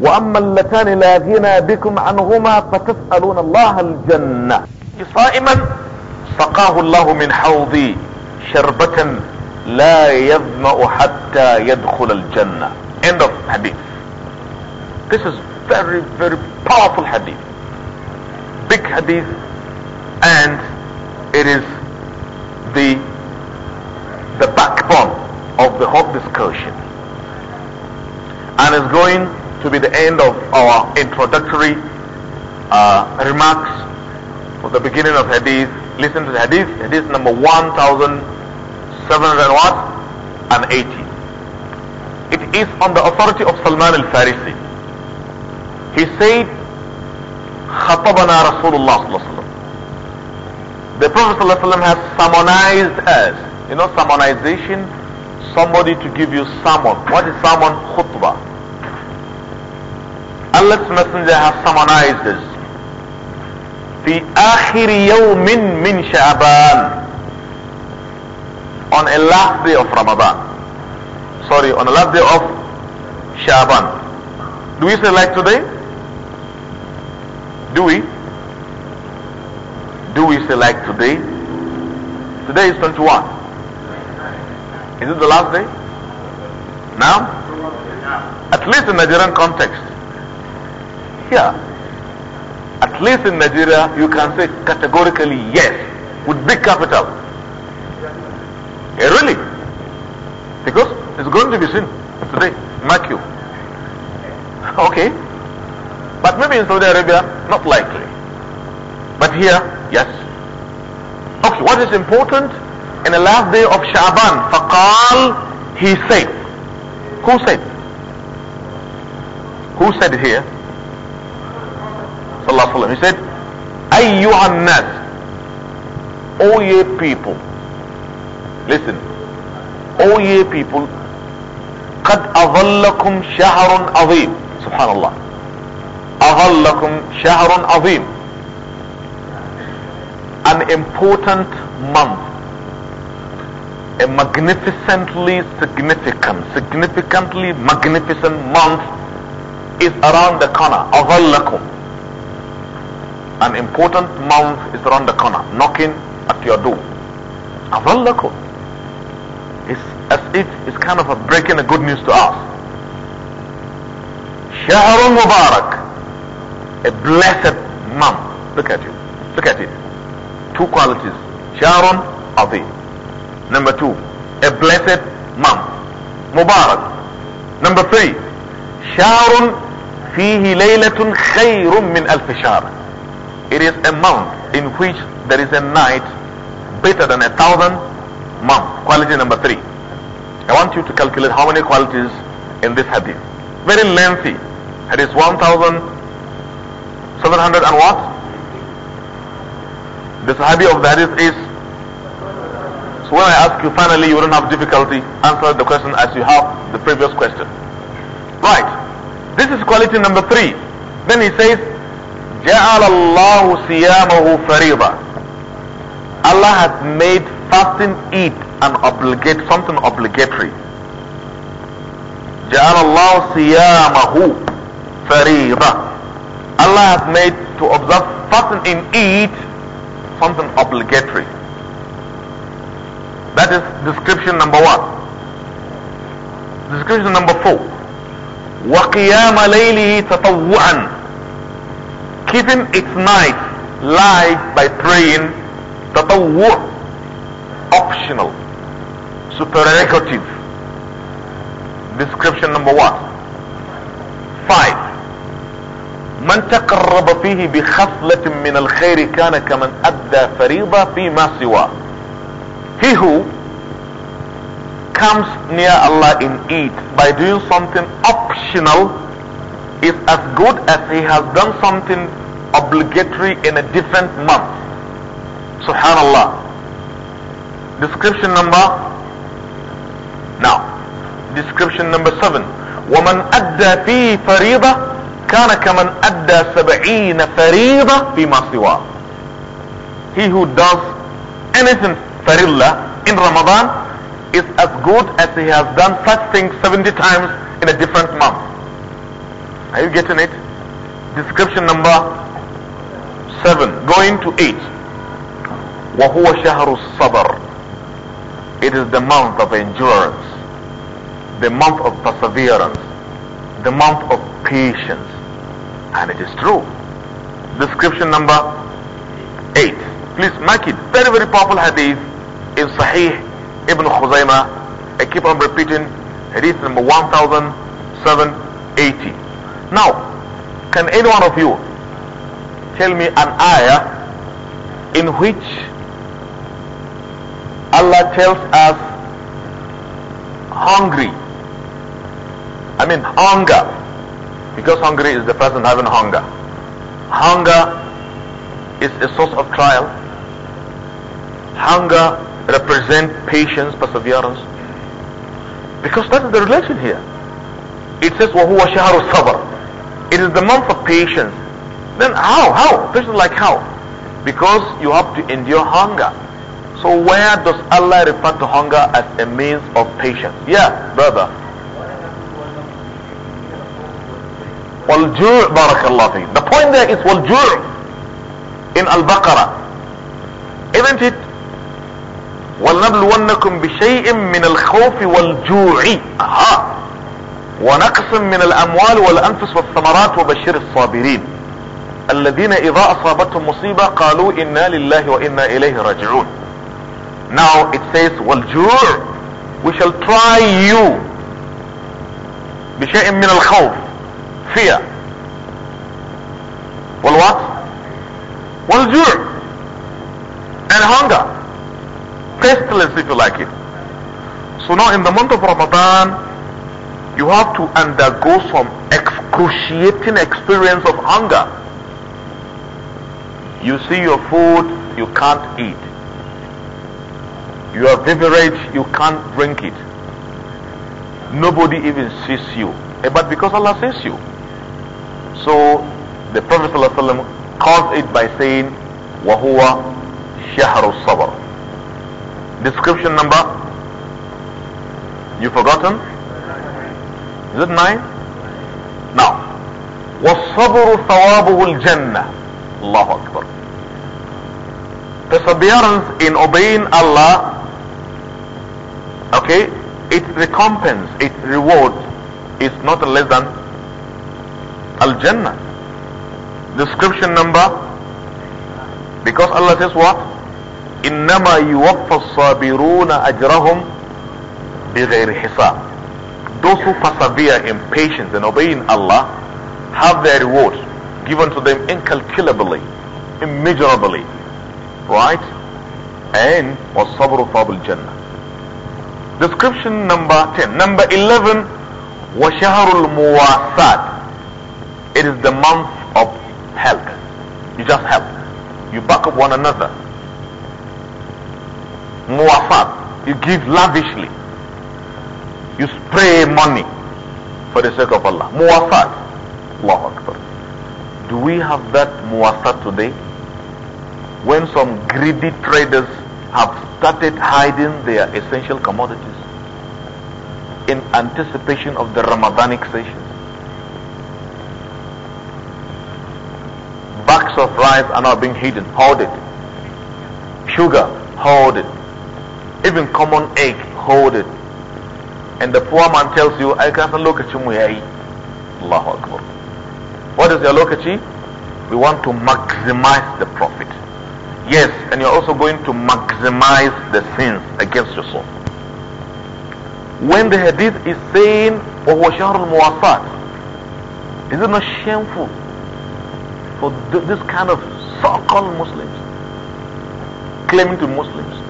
وأما اللتان لا غنى بكم عنهما فتسألون الله الجنة صائما سقاه الله من حوضي شربة لا يظمأ حتى يدخل الجنة end of hadith this is very very powerful hadith big hadith and it is the the backbone of the whole discussion and is going to be the end of our introductory uh, remarks from the beginning of hadith. Listen to the hadith. Hadith number 1780. It is on the authority of Salman al-Farisi. He said, خطبنا Rasulullah صلى الله عليه وسلم. The Prophet صلى الله عليه وسلم has sermonized us. You know sermonization? Somebody to give you sermon. What is sermon? Khutbah. Allah's Messenger has sermonized us. في آخر يوم من شعبان on a last day of Ramadan sorry on the last day of Shaban do we say like today do we do we say like today today is 21 is it the last day now at least in Nigerian context yeah at least in Nigeria, you can say categorically yes, with big capital. Yeah, really? Because it's going to be seen today, mark you. Okay. But maybe in Saudi Arabia, not likely. But here, yes. Okay, what is important? In the last day of Sha'ban, Faqal, he said. Who said? Who said here? sallallahu He said, Ayyuhan nas, O ye people, listen, O ye people, قد أظلكم شهر عظيم سبحان الله أظلكم شهر عظيم an important month a magnificently significant significantly magnificent month is around the corner أظلكم an important month is around the corner, knocking at your door. Avallakum. It's as if it's kind of a breaking the good news to us. Shahrul Mubarak. A blessed month. Look at you. Look at it. Two qualities. Sharon Adi. Number two, a blessed month. Mubarak. Number three, Sharon Fihi ليلة خير Min Al-Fishar. It is a month in which there is a night better than a thousand months. Quality number three. I want you to calculate how many qualities in this hadith. Very lengthy. Hadith 1700 and what? The Sahabi of the hadith is. So when I ask you finally, you don't have difficulty. Answer the question as you have the previous question. Right. This is quality number three. Then he says, جعل الله صيامه فريضة Allah has made fasting eat an obligate something obligatory جعل الله صيامه فريضة Allah has made to observe fasting in eat something obligatory that is description number one description number four وقيام ليله تطوعا keeping its night light by praying tatawwu optional supererogative. description number one five من تقرب فيه بخصلة من الخير كان كمن أدى فريضة فيما سواه he who comes near Allah in it by doing something optional is as good as he has done something obligatory in a different month. Subhanallah. Description number now. Description number seven. Woman أدى fi فريضة kana kaman أدى سبعين فريضة فيما He who does anything farilla in Ramadan is as good as he has done such things 70 times in a different month. Are you getting it? Description number seven going to eight وهو شهر sabr. it is the month of endurance the month of perseverance the month of patience and it is true description number eight please mark it very very powerful hadith in Sahih Ibn Khuzaimah I keep on repeating hadith number 1780 now can any one of you tell me an ayah in which Allah tells us hungry. I mean hunger. Because hungry is the person having hunger. Hunger is a source of trial. Hunger represents patience, perseverance. Because that is the relation here. It says, وَهُوَ شَهَرُ sabr." It is the month of patience. Then how? How? is like how? Because you have to endure hunger. So where does Allah refer to hunger as a means of patience? Yeah, brother. والجوع barakallahu. The point there is والجوع in Al-Baqarah. Isn't it? ولنبلونكم بشيء من الخوف والجوع. Aha. ونقص من الأموال والأنفس والثمرات وبشر الصابرين. الذين اذا اصابتهم مصيبة قالوا انا لله وانا اليه راجعون now it says والجوع we shall try you بشيء من الخوف fear والوات والجوع and hunger pestilence if you like it so now in the month of Ramadan you have to undergo some excruciating experience of hunger You see your food, you can't eat. Your beverage, you can't drink it. Nobody even sees you. Eh, but because Allah sees you. So the Prophet ﷺ calls it by saying, Wahua shahru sabr." Description number? You forgotten? Is it nine? Now, وَالصَّبْرُ ثَوَابُهُ الْجَنَّةِ Allahu Akbar. Perseverance in obeying Allah, okay, its recompense, its reward is not less than Al-Jannah. Description number, because Allah says what? إنما يوفى الصابرون أجرهم بغير حساب. Those who persevere in patience and obeying Allah have their reward given to them incalculably, immeasurably. Right? And was sabr fabul jannah. Description number 10. Number 11, washaharul muwasat. It is the month of help. You just help. You back up one another. Muafat. You give lavishly. You spray money for the sake of Allah. Muwafat. Allahu Akbar. Do we have that muwasa today? When some greedy traders have started hiding their essential commodities in anticipation of the Ramadanic sessions. Bags of rice are now being hidden, hoarded. Sugar, hoarded. Even common egg, hoarded. And the poor man tells you, I can't look at you, Allahu Akbar. What is your logic? We want to maximize the profit. Yes, and you're also going to maximize the sins against your soul. When the hadith is saying, وَهُوَ شَهْرُ الْمُوَاسَّاتِ Is it not shameful for th this kind of so-called Muslims, claiming to Muslims,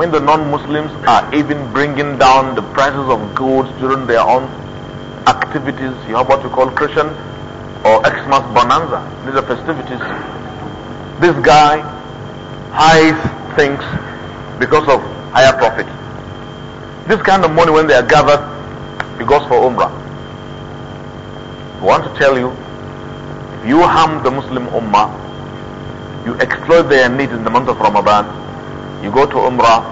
when the non-Muslims are even bringing down the prices of goods during their own activities, you have what we call Christian or Xmas bonanza. These are festivities. This guy hides things because of higher profit. This kind of money, when they are gathered, it goes for Umrah. I want to tell you, if you harm the Muslim Ummah, you exploit their need in the month of Ramadan, you go to Umrah,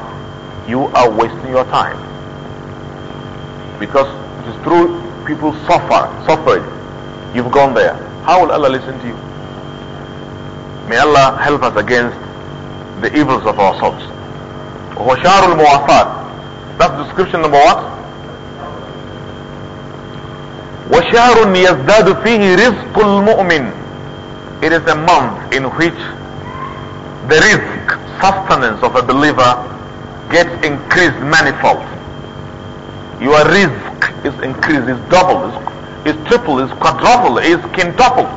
you are wasting your time. Because it is true, people suffer, suffering You've gone there. How will Allah listen to you? May Allah help us against the evils of ourselves. souls. al الْمُوَافَات That's description number what? وَشَارٌ يَزْدَادُ فِيهِ رِزْقُ الْمُؤْمِنِ It is a month in which the risk, sustenance of a believer gets increased manifold. Your risk is increased, is doubled. is is triple, is quadruple, is quintuple,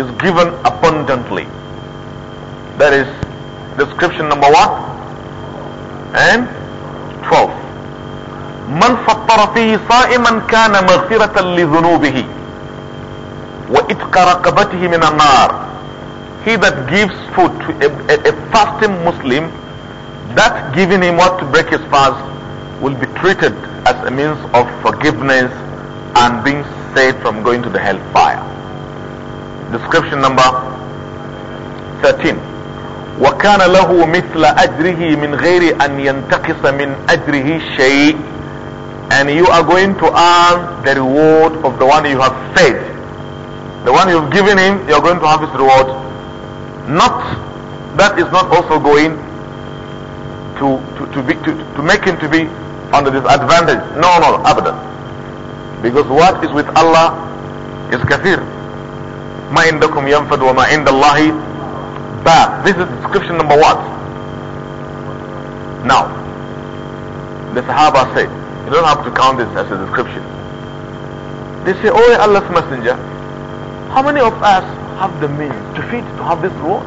is given abundantly. That is description number one and twelve. من فطر فيه صائما كان مغفرة لذنوبه وإتق رقبته من النار. He that gives food to a, a, a fasting Muslim, that giving him what to break his fast will be treated as a means of forgiveness and being saved from going to the hellfire. Description number 13. وكان له مثل أجره من غير أن ينتقص من أجره شيء and you are going to earn the reward of the one you have fed. The one you've given him, you're going to have his reward. Not, that is not also going to, to, to, be, to, to make him to be under disadvantage. No, no, evidence. Because what is with Allah is kafir. Ma عندكم ينفد ma عند الله ba This is description number one. Now, the Sahaba said, you don't have to count this as a description. They say, oh Allah's messenger, how many of us have the means to feed, to have this reward?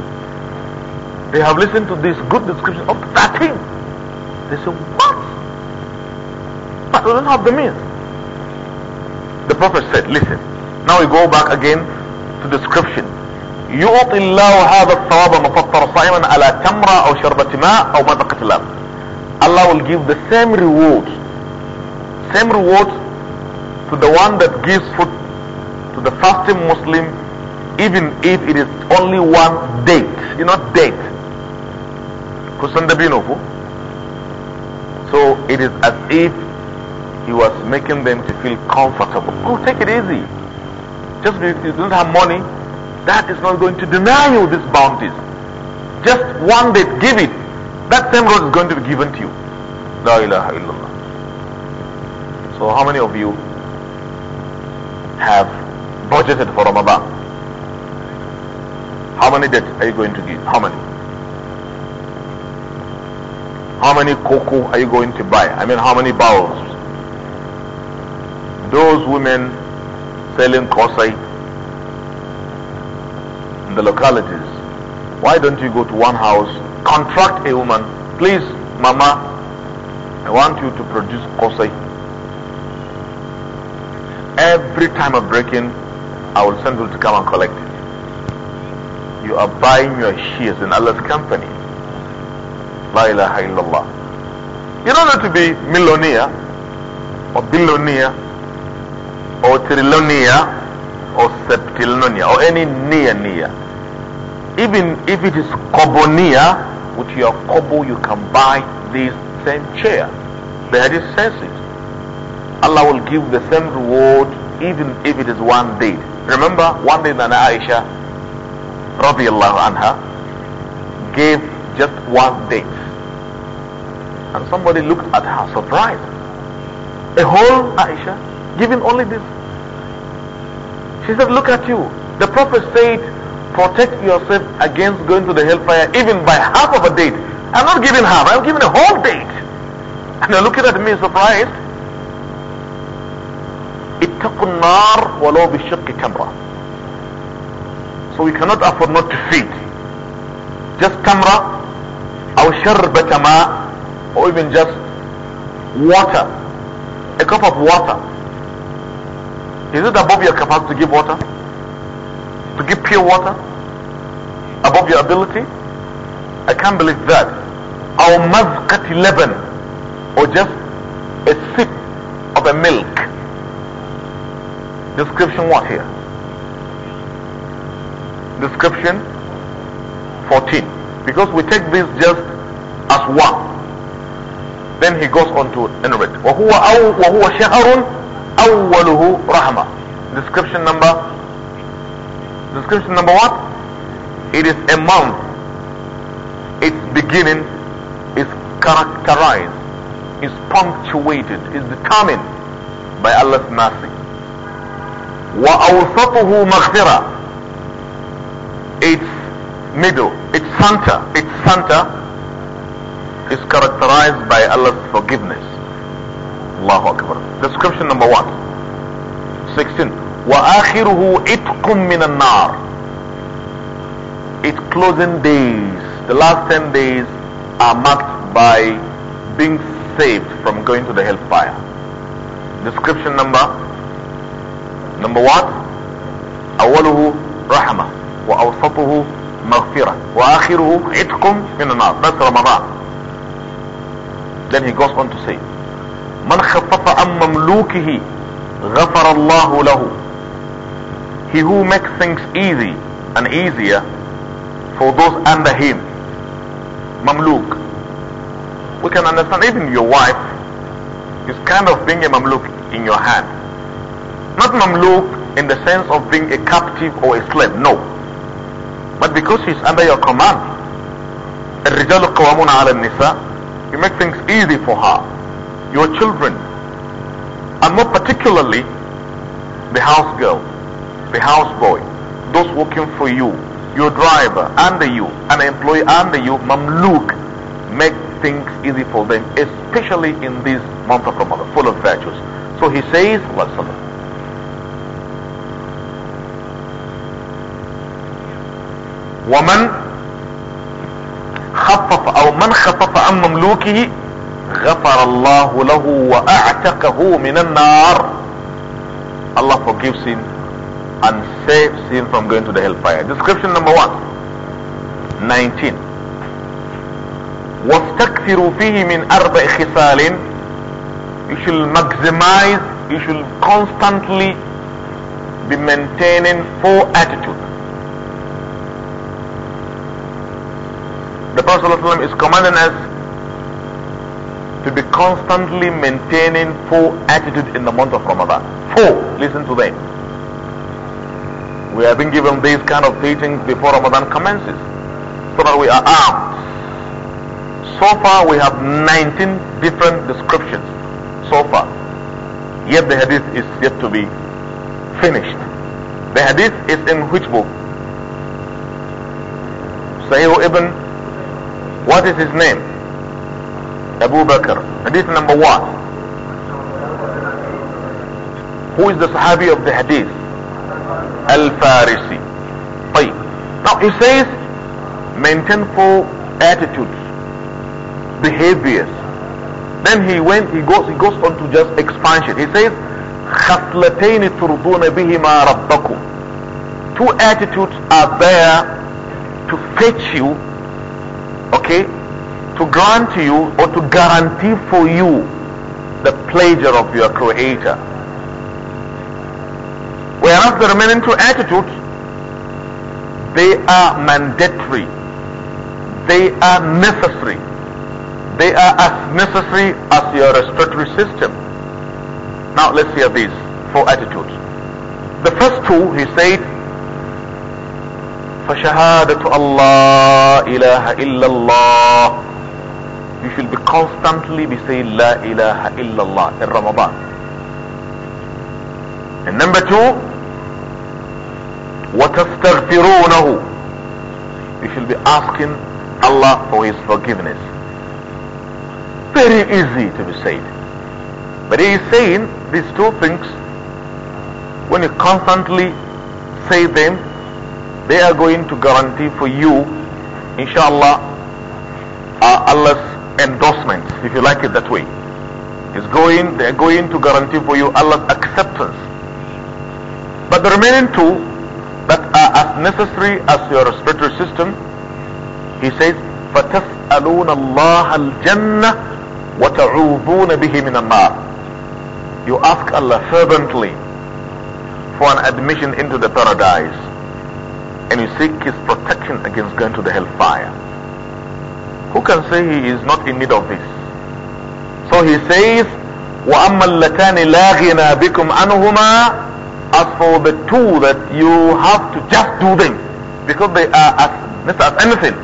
They have listened to this good description of that thing. They say, what? But we don't have the means. The Prophet said, listen, now we go back again to description. يعطي الله هذا الثواب مفطر صائما على أو شربة ماء أو Allah will give the same reward, same reward to the one that gives food to the fasting Muslim, even if it is only one date, you know, date. So it is as if he was making them to feel comfortable. Oh, take it easy. Just because you don't have money, that is not going to deny you these bounties. Just one day, give it. That same road is going to be given to you. La ilaha illallah. So how many of you have budgeted for Ramadan? How many dates are you going to give? How many? How many cocoa are you going to buy? I mean, how many barrels? those women selling causite in the localities. Why don't you go to one house, contract a woman, please, mama, I want you to produce causite. Every time I break in, I will send you to come and collect it. You are buying your shears in Allah's company. La ilaha illallah. You don't have to be millionaire or billionaire or trilonia or septilonia or any near near. Even if it is cobonia, with your kobo you can buy this same chair. The hadith says it. Allah will give the same reward even if it is one day. Remember one day Nana Aisha radiallahu anha gave just one date. And somebody looked at her surprised. A whole Aisha Give him only this. She said, look at you. The Prophet said, protect yourself against going to the hellfire even by half of a date. I'm not giving half, I'm giving a whole date. And they're looking at me surprised. So we cannot afford not to feed. Just tamra or sharbata ma or even just water. A cup of water is it above your capacity to give water? To give pure water? Above your ability? I can't believe that. Our mazkat 11 or just a sip of a milk. Description what here? Description 14. Because we take this just as one. Then he goes on to enumerate. وهو أوله رحمة description number description number what it is a month its beginning is characterized is punctuated is determined by Allah's mercy وأوسطه مغفرة its middle its center its center is characterized by Allah's forgiveness Allahu Akbar. Description number one. 16. وَآخِرُهُ إِتْقٌ مِّنَ النَّارِ Its closing days, the last 10 days are marked by being saved from going to the hellfire. Description number, number one. أوله رحمة وأوسطه مغفرة وآخره عتق من النار. That's Ramadan. Then he goes on to say, من خفف عن مملوكه غفر الله له he who makes things easy and easier for those under him mamluk we can understand even your wife is kind of being a mamluk in your hand not mamluk in the sense of being a captive or a slave no but because she's under your command الرجال قوامون على النساء you make things easy for her your children, and more particularly, the house girl, the house boy, those working for you, your driver under you, an employee under you, mamluk, make things easy for them, especially in this month of Ramadan, full of virtues. So he says, Wasallam. ومن خفف او من خفف عن مملوكه غفر الله له وأعتقه من النار Allah forgives him and saves him from going to the hellfire. Description number one, 19. واستكثروا فيه من أربع خصال You should maximize, you should constantly be maintaining four attitudes. The Prophet ﷺ is commanding us to be constantly maintaining full attitude in the month of Ramadan. Full. Listen to them. We have been given these kind of teachings before Ramadan commences so that we are armed. So far we have 19 different descriptions. So far. Yet the hadith is yet to be finished. The hadith is in which book? Sahih ibn, what is his name? Abu Bakr. Hadith number one. Who is the Sahabi of the Hadith? Al-Farisi. Now he says, maintain four attitudes, behaviors. Then he went, he goes, he goes on to just expansion. He says, خَصْلَتَيْنِ تُرْضُونَ بِهِمَا رَبَّكُمْ Two attitudes are there to fetch you, okay, to grant you or to guarantee for you the pleasure of your creator. Whereas the remaining two attitudes, they are mandatory, they are necessary, they are as necessary as your respiratory system. Now let's hear these four attitudes. The first two, he said, فشهادة الله إله إلا الله you should be constantly be saying La ilaha illallah in Ramadan. And number two, وَتَسْتَغْفِرُونَهُ You should be asking Allah for His forgiveness. Very easy to be said. But He is saying these two things, when you constantly say them, they are going to guarantee for you, inshallah, uh, Allah's endorsement, if you like it that way. It's going, they're going to guarantee for you Allah's acceptance. But the remaining two that are as necessary as your respiratory system, he says, فَتَسْأَلُونَ اللَّهَ الْجَنَّةِ وَتَعُوذُونَ بِهِ مِنَ النَّارِ You ask Allah fervently for an admission into the paradise and you seek His protection against going to the hellfire. Who can say he is not in need of this? So he says, وَأَمَّا اللَّتَانِ لَا غِنَى بِكُمْ أَنْهُمَا As for the two that you have to just do them, because they are as, as anything,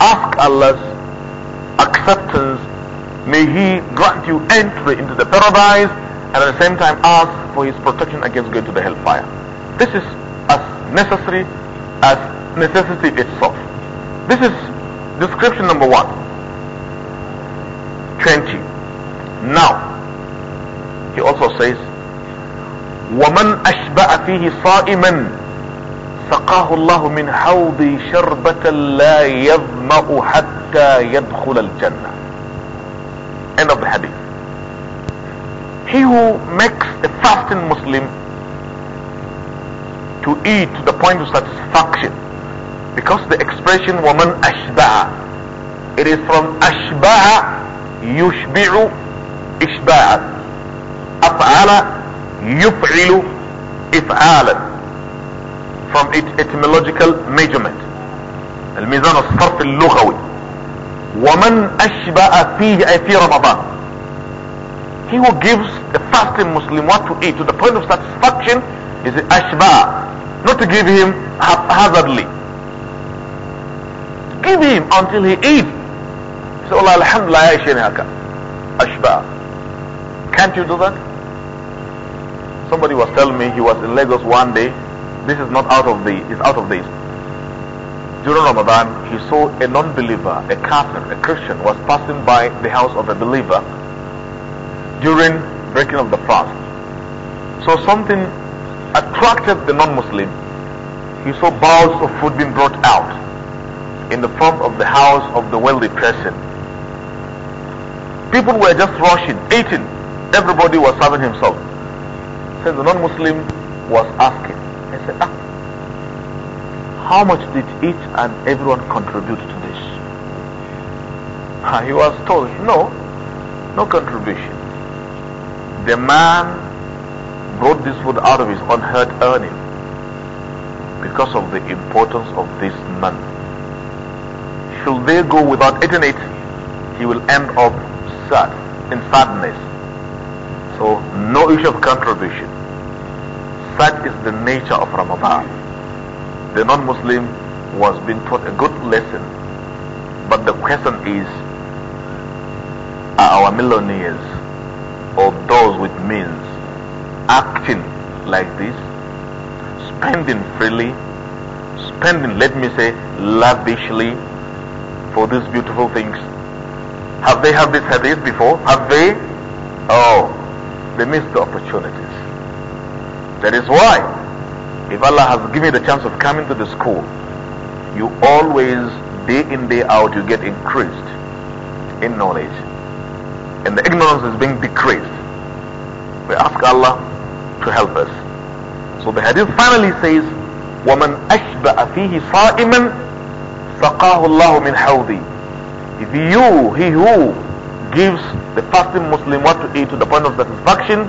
ask Allah's acceptance. May He grant you entry into the paradise and at the same time ask for His protection against going to the hellfire. This is as necessary as necessity itself. This is Description number one. 20. Now, he also says, وَمَنْ أَشْبَأَ فِيهِ صَائِمًا سقاه الله من حَوْضِ شربة لا يظمأ حتى يدخل الجنة End of the hadith. He who makes a fasting Muslim to eat to the point of satisfaction because the expression وَمَنْ أَشْبَعَ it is from أَشْبَعَ يُشْبِعُ إِشْبَعَ af'ala يُفْعِلُ إِفْعَالًا from its etymological measurement الميزان الصرف اللغوي ومن أشبع فيه أي في he who gives the fasting Muslim what to eat to the point of satisfaction is ashba, not to give him haphazardly feed him until he eats. He said, Allah alhamdulillah, Shinaka. Ashba. Can't you do that? Somebody was telling me he was in Lagos one day. This is not out of the, it's out of this. During Ramadan, he saw a non-believer, a Catholic, a Christian, was passing by the house of a believer during breaking of the fast. So something attracted the non-Muslim. He saw bowls of food being brought out in the front of the house of the wealthy person. People were just rushing, eating. Everybody was serving himself. So the non-Muslim was asking. He said, ah, how much did each and everyone contribute to this? He was told, no, no contribution. The man brought this food out of his own hard earning because of the importance of this month should they go without eating it, he will end up sad, in sadness. So no issue of contribution. Such is the nature of Ramadan. The non-Muslim was being taught a good lesson. But the question is, are our millionaires or those with means acting like this? Spending freely, spending, let me say, lavishly, for these beautiful things. Have they had this hadith before? Have they? Oh, they missed the opportunities. That is why, if Allah has given you the chance of coming to the school, you always, day in, day out, you get increased in knowledge. And the ignorance is being decreased. We ask Allah to help us. So the hadith finally says, وَمَنْ أَشْبَأَ فِيهِ صَائِمًا فقاه الله من حوضي if you he who gives the fasting Muslim what to eat to the point of satisfaction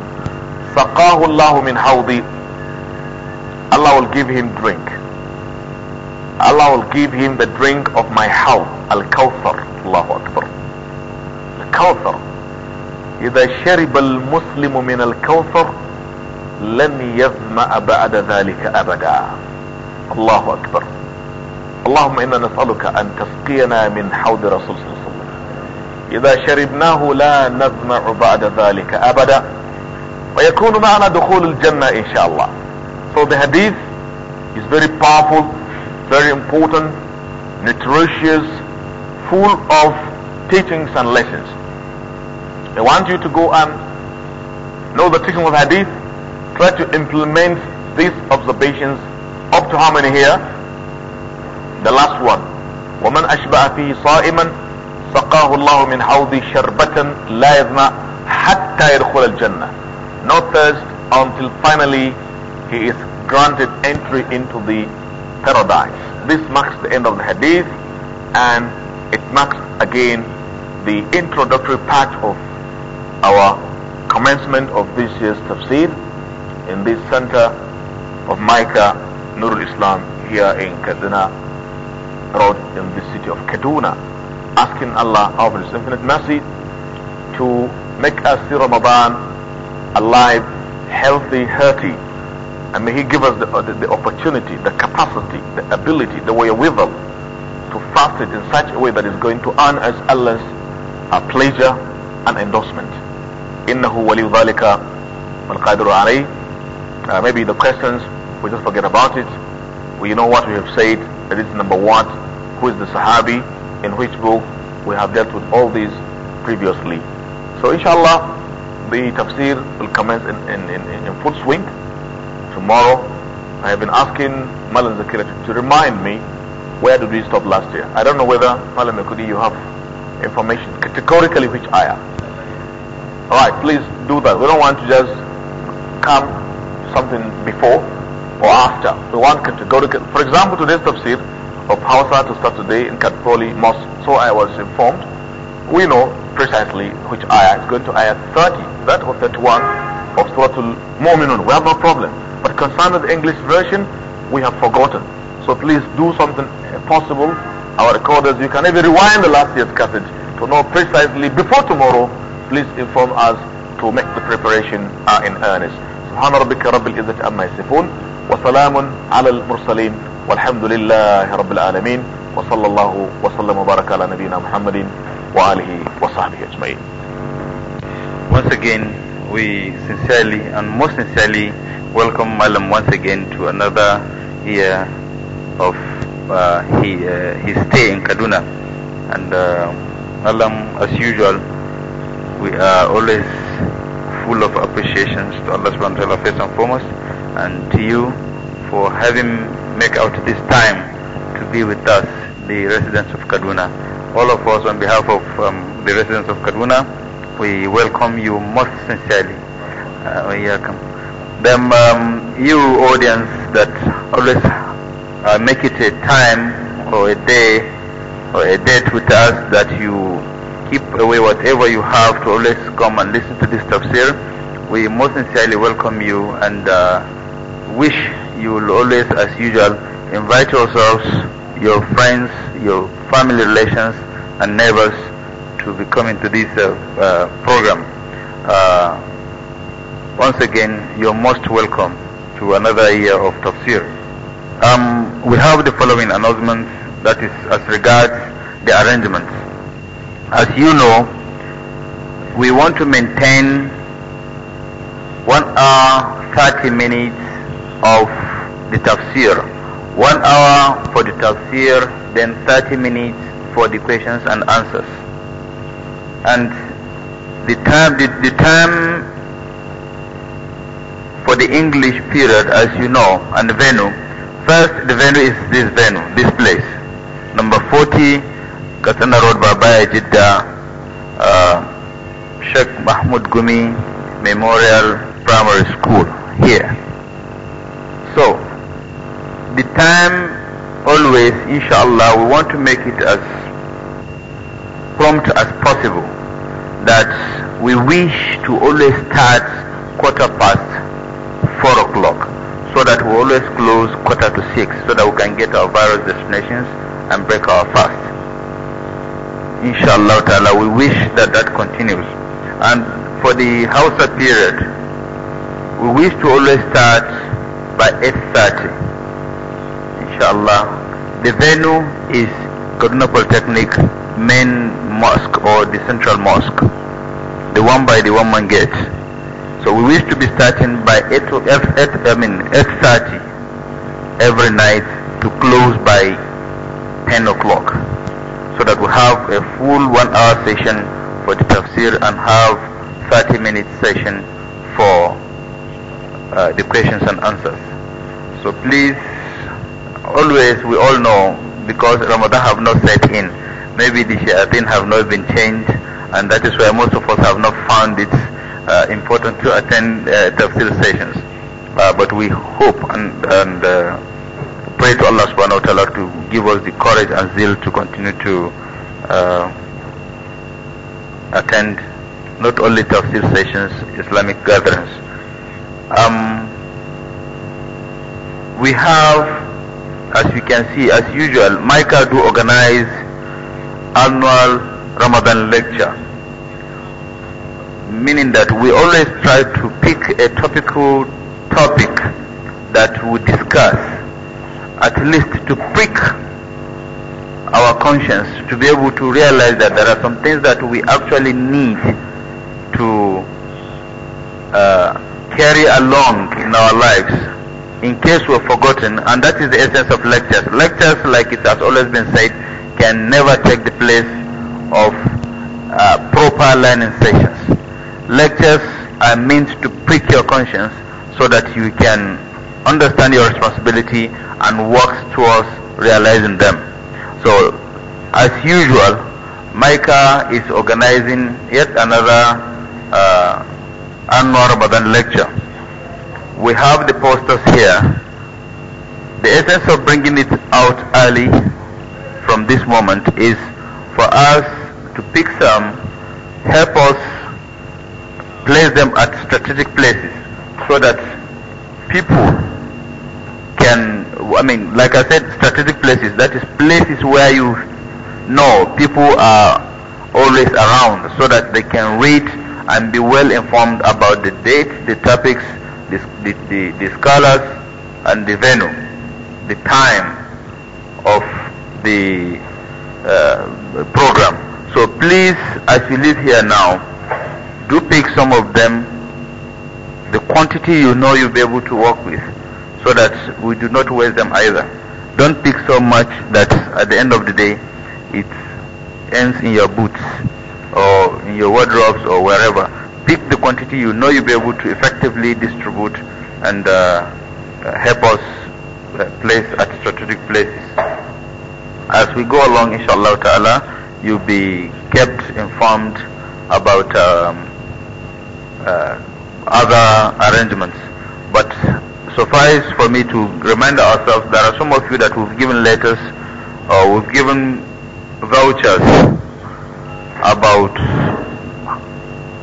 فقاه الله من حوضي Allah will give him drink Allah will give him the drink of my house Al-Kawthar Allahu Akbar Al-Kawthar إذا شرب المسلم من الكوثر لم يظمأ بعد ذلك أبدا الله أكبر اللهم انا نسألك ان تسقينا من حوض رسول صلى الله عليه وسلم اذا شربناه لا نزمع بعد ذلك ابدا ويكون معنا دخول الجنة ان شاء الله so the hadith is very powerful very important nutritious full of teachings and lessons I want you to go and know the teaching of hadith try to implement these observations up to how many here the last one. وَمَنْ أَشْبَعَ فِيهِ صَائِمًا سَقَاهُ اللَّهُ مِنْ حَوْضِ شَرْبَةً لَا يَذْنَى حَتَّى يَدْخُلَ الْجَنَّةِ No thirst until finally he is granted entry into the paradise. This marks the end of the hadith and it marks again the introductory part of our commencement of this year's tafsir in this center of Micah Nurul Islam here in Kaduna road in the city of Kaduna, asking Allah of His infinite mercy to make us see Ramadan alive, healthy, hearty. And may He give us the, uh, the, the opportunity, the capacity, the ability, the wherewithal to fast it in such a way that is going to earn us Allah's uh, pleasure and endorsement. إنه ولي ذلك والقادر عليه. maybe the questions, we just forget about it. We know what we have said. That is number one, who is the Sahabi, in which book we have dealt with all these previously. So inshallah, the tafsir will commence in, in, in, in full swing tomorrow. I have been asking Malin Zakir to, to remind me where did we stop last year. I don't know whether Malin Makudi you have information categorically which ayah. Alright, please do that. We don't want to just come something before or after. So one can go to, for example, today's tafsir of Hausa to start today in Katpoli Mosque. So I was informed. We know precisely which ayah is going to ayah 30, that or 31 of Suratul Mu'minun. We have no problem. But concerning the English version, we have forgotten. So please do something possible. Our recorders, you can even rewind the last year's cassette to know precisely before tomorrow. Please inform us to make the preparation uh, in earnest. سبحان ربك رب العزة عما يصفون وسلام على المرسلين والحمد لله رب العالمين وصلى الله وسلم وبارك على نبينا محمد وآله وصحبه أجمعين Once again, we sincerely and most sincerely welcome Malam once again to another year of uh, his, uh, his stay in Kaduna. And uh, Malam, as usual, we are always full of appreciations to Allah subhanahu wa ta'ala first and foremost and to you for having make out this time to be with us, the residents of Kaduna. All of us on behalf of um, the residents of Kaduna, we welcome you most sincerely. Uh, we welcome. Them, um, you audience that always uh, make it a time or a day or a date with us that you keep away whatever you have to always come and listen to this tafsir. We most sincerely welcome you and uh, wish you will always, as usual, invite yourselves, your friends, your family relations, and neighbors to be coming to this uh, uh, program. Uh, once again, you're most welcome to another year of tafsir. Um, we have the following announcements that is as regards the arrangements as you know, we want to maintain one hour 30 minutes of the tafsir, one hour for the tafsir, then 30 minutes for the questions and answers. And the time, the, the time for the English period, as you know, and the venue. First, the venue is this venue, this place, number 40 katsina road babaya jidda uh, sheikh mahmud gumi memorial primary school here so the time always inshallah we want to make it as prompt as possible that we wish to always start quarter past four o'clock so that we always close quarter to six so that we can get our various destinations and break our fast inshallah ta'ala we wish that that continues and for the Hausa period we wish to always start by 8.30 inshallah the venue is Kaduna Polytechnic main mosque or the central mosque the one by the one man gate so we wish to be starting by 8, 8, 8 I mean 8.30 every night to close by 10 o'clock so that we have a full one hour session for the tafsir and have 30 minute session for uh, the questions and answers. So please, always we all know because Ramadan have not set in, maybe the shayateen have not been changed and that is why most of us have not found it uh, important to attend uh, tafsir sessions. Uh, but we hope and, and uh, pray to Allah subhanahu wa ta'ala to give us the courage and zeal to continue to uh, attend not only tafsir sessions, Islamic gatherings. Um, we have, as you can see, as usual, Micah do organize annual Ramadan lecture, meaning that we always try to pick a topical topic that we discuss at least to prick our conscience to be able to realize that there are some things that we actually need to uh, carry along in our lives in case we're forgotten and that is the essence of lectures lectures like it has always been said can never take the place of uh, proper learning sessions lectures are meant to prick your conscience so that you can understand your responsibility and works towards realizing them. So, as usual, Micah is organizing yet another uh, annual Ramadan lecture. We have the posters here. The essence of bringing it out early from this moment is for us to pick some, help us place them at strategic places so that people can, I mean, like I said, strategic places, that is places where you know people are always around so that they can read and be well informed about the dates, the topics, the, the, the, the scholars, and the venue, the time of the uh, program. So please, as you live here now, do pick some of them the quantity you know you'll be able to work with so that we do not waste them either. Don't pick so much that at the end of the day it ends in your boots or in your wardrobes or wherever. Pick the quantity you know you'll be able to effectively distribute and uh, help us uh, place at strategic places. As we go along, inshallah ta'ala, you'll be kept informed about um, uh, other arrangements. But suffice for me to remind ourselves there are some of you that we've given letters or we've given vouchers about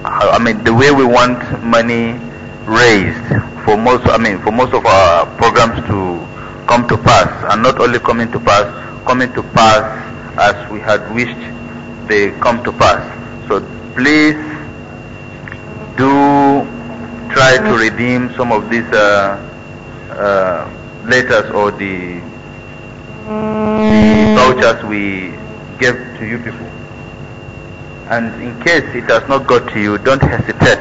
I mean the way we want money raised for most I mean for most of our programs to come to pass and not only coming to pass coming to pass as we had wished they come to pass so please do try to redeem some of these uh, uh, letters or the, the mm. vouchers we gave to you before. And in case it has not got to you, don't hesitate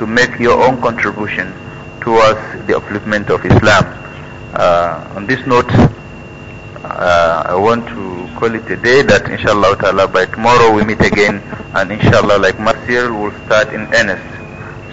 to make your own contribution towards the upliftment of Islam. Uh, on this note, uh, I want to call it a day that inshallah ta'ala by tomorrow we meet again and inshallah like Masir will start in earnest.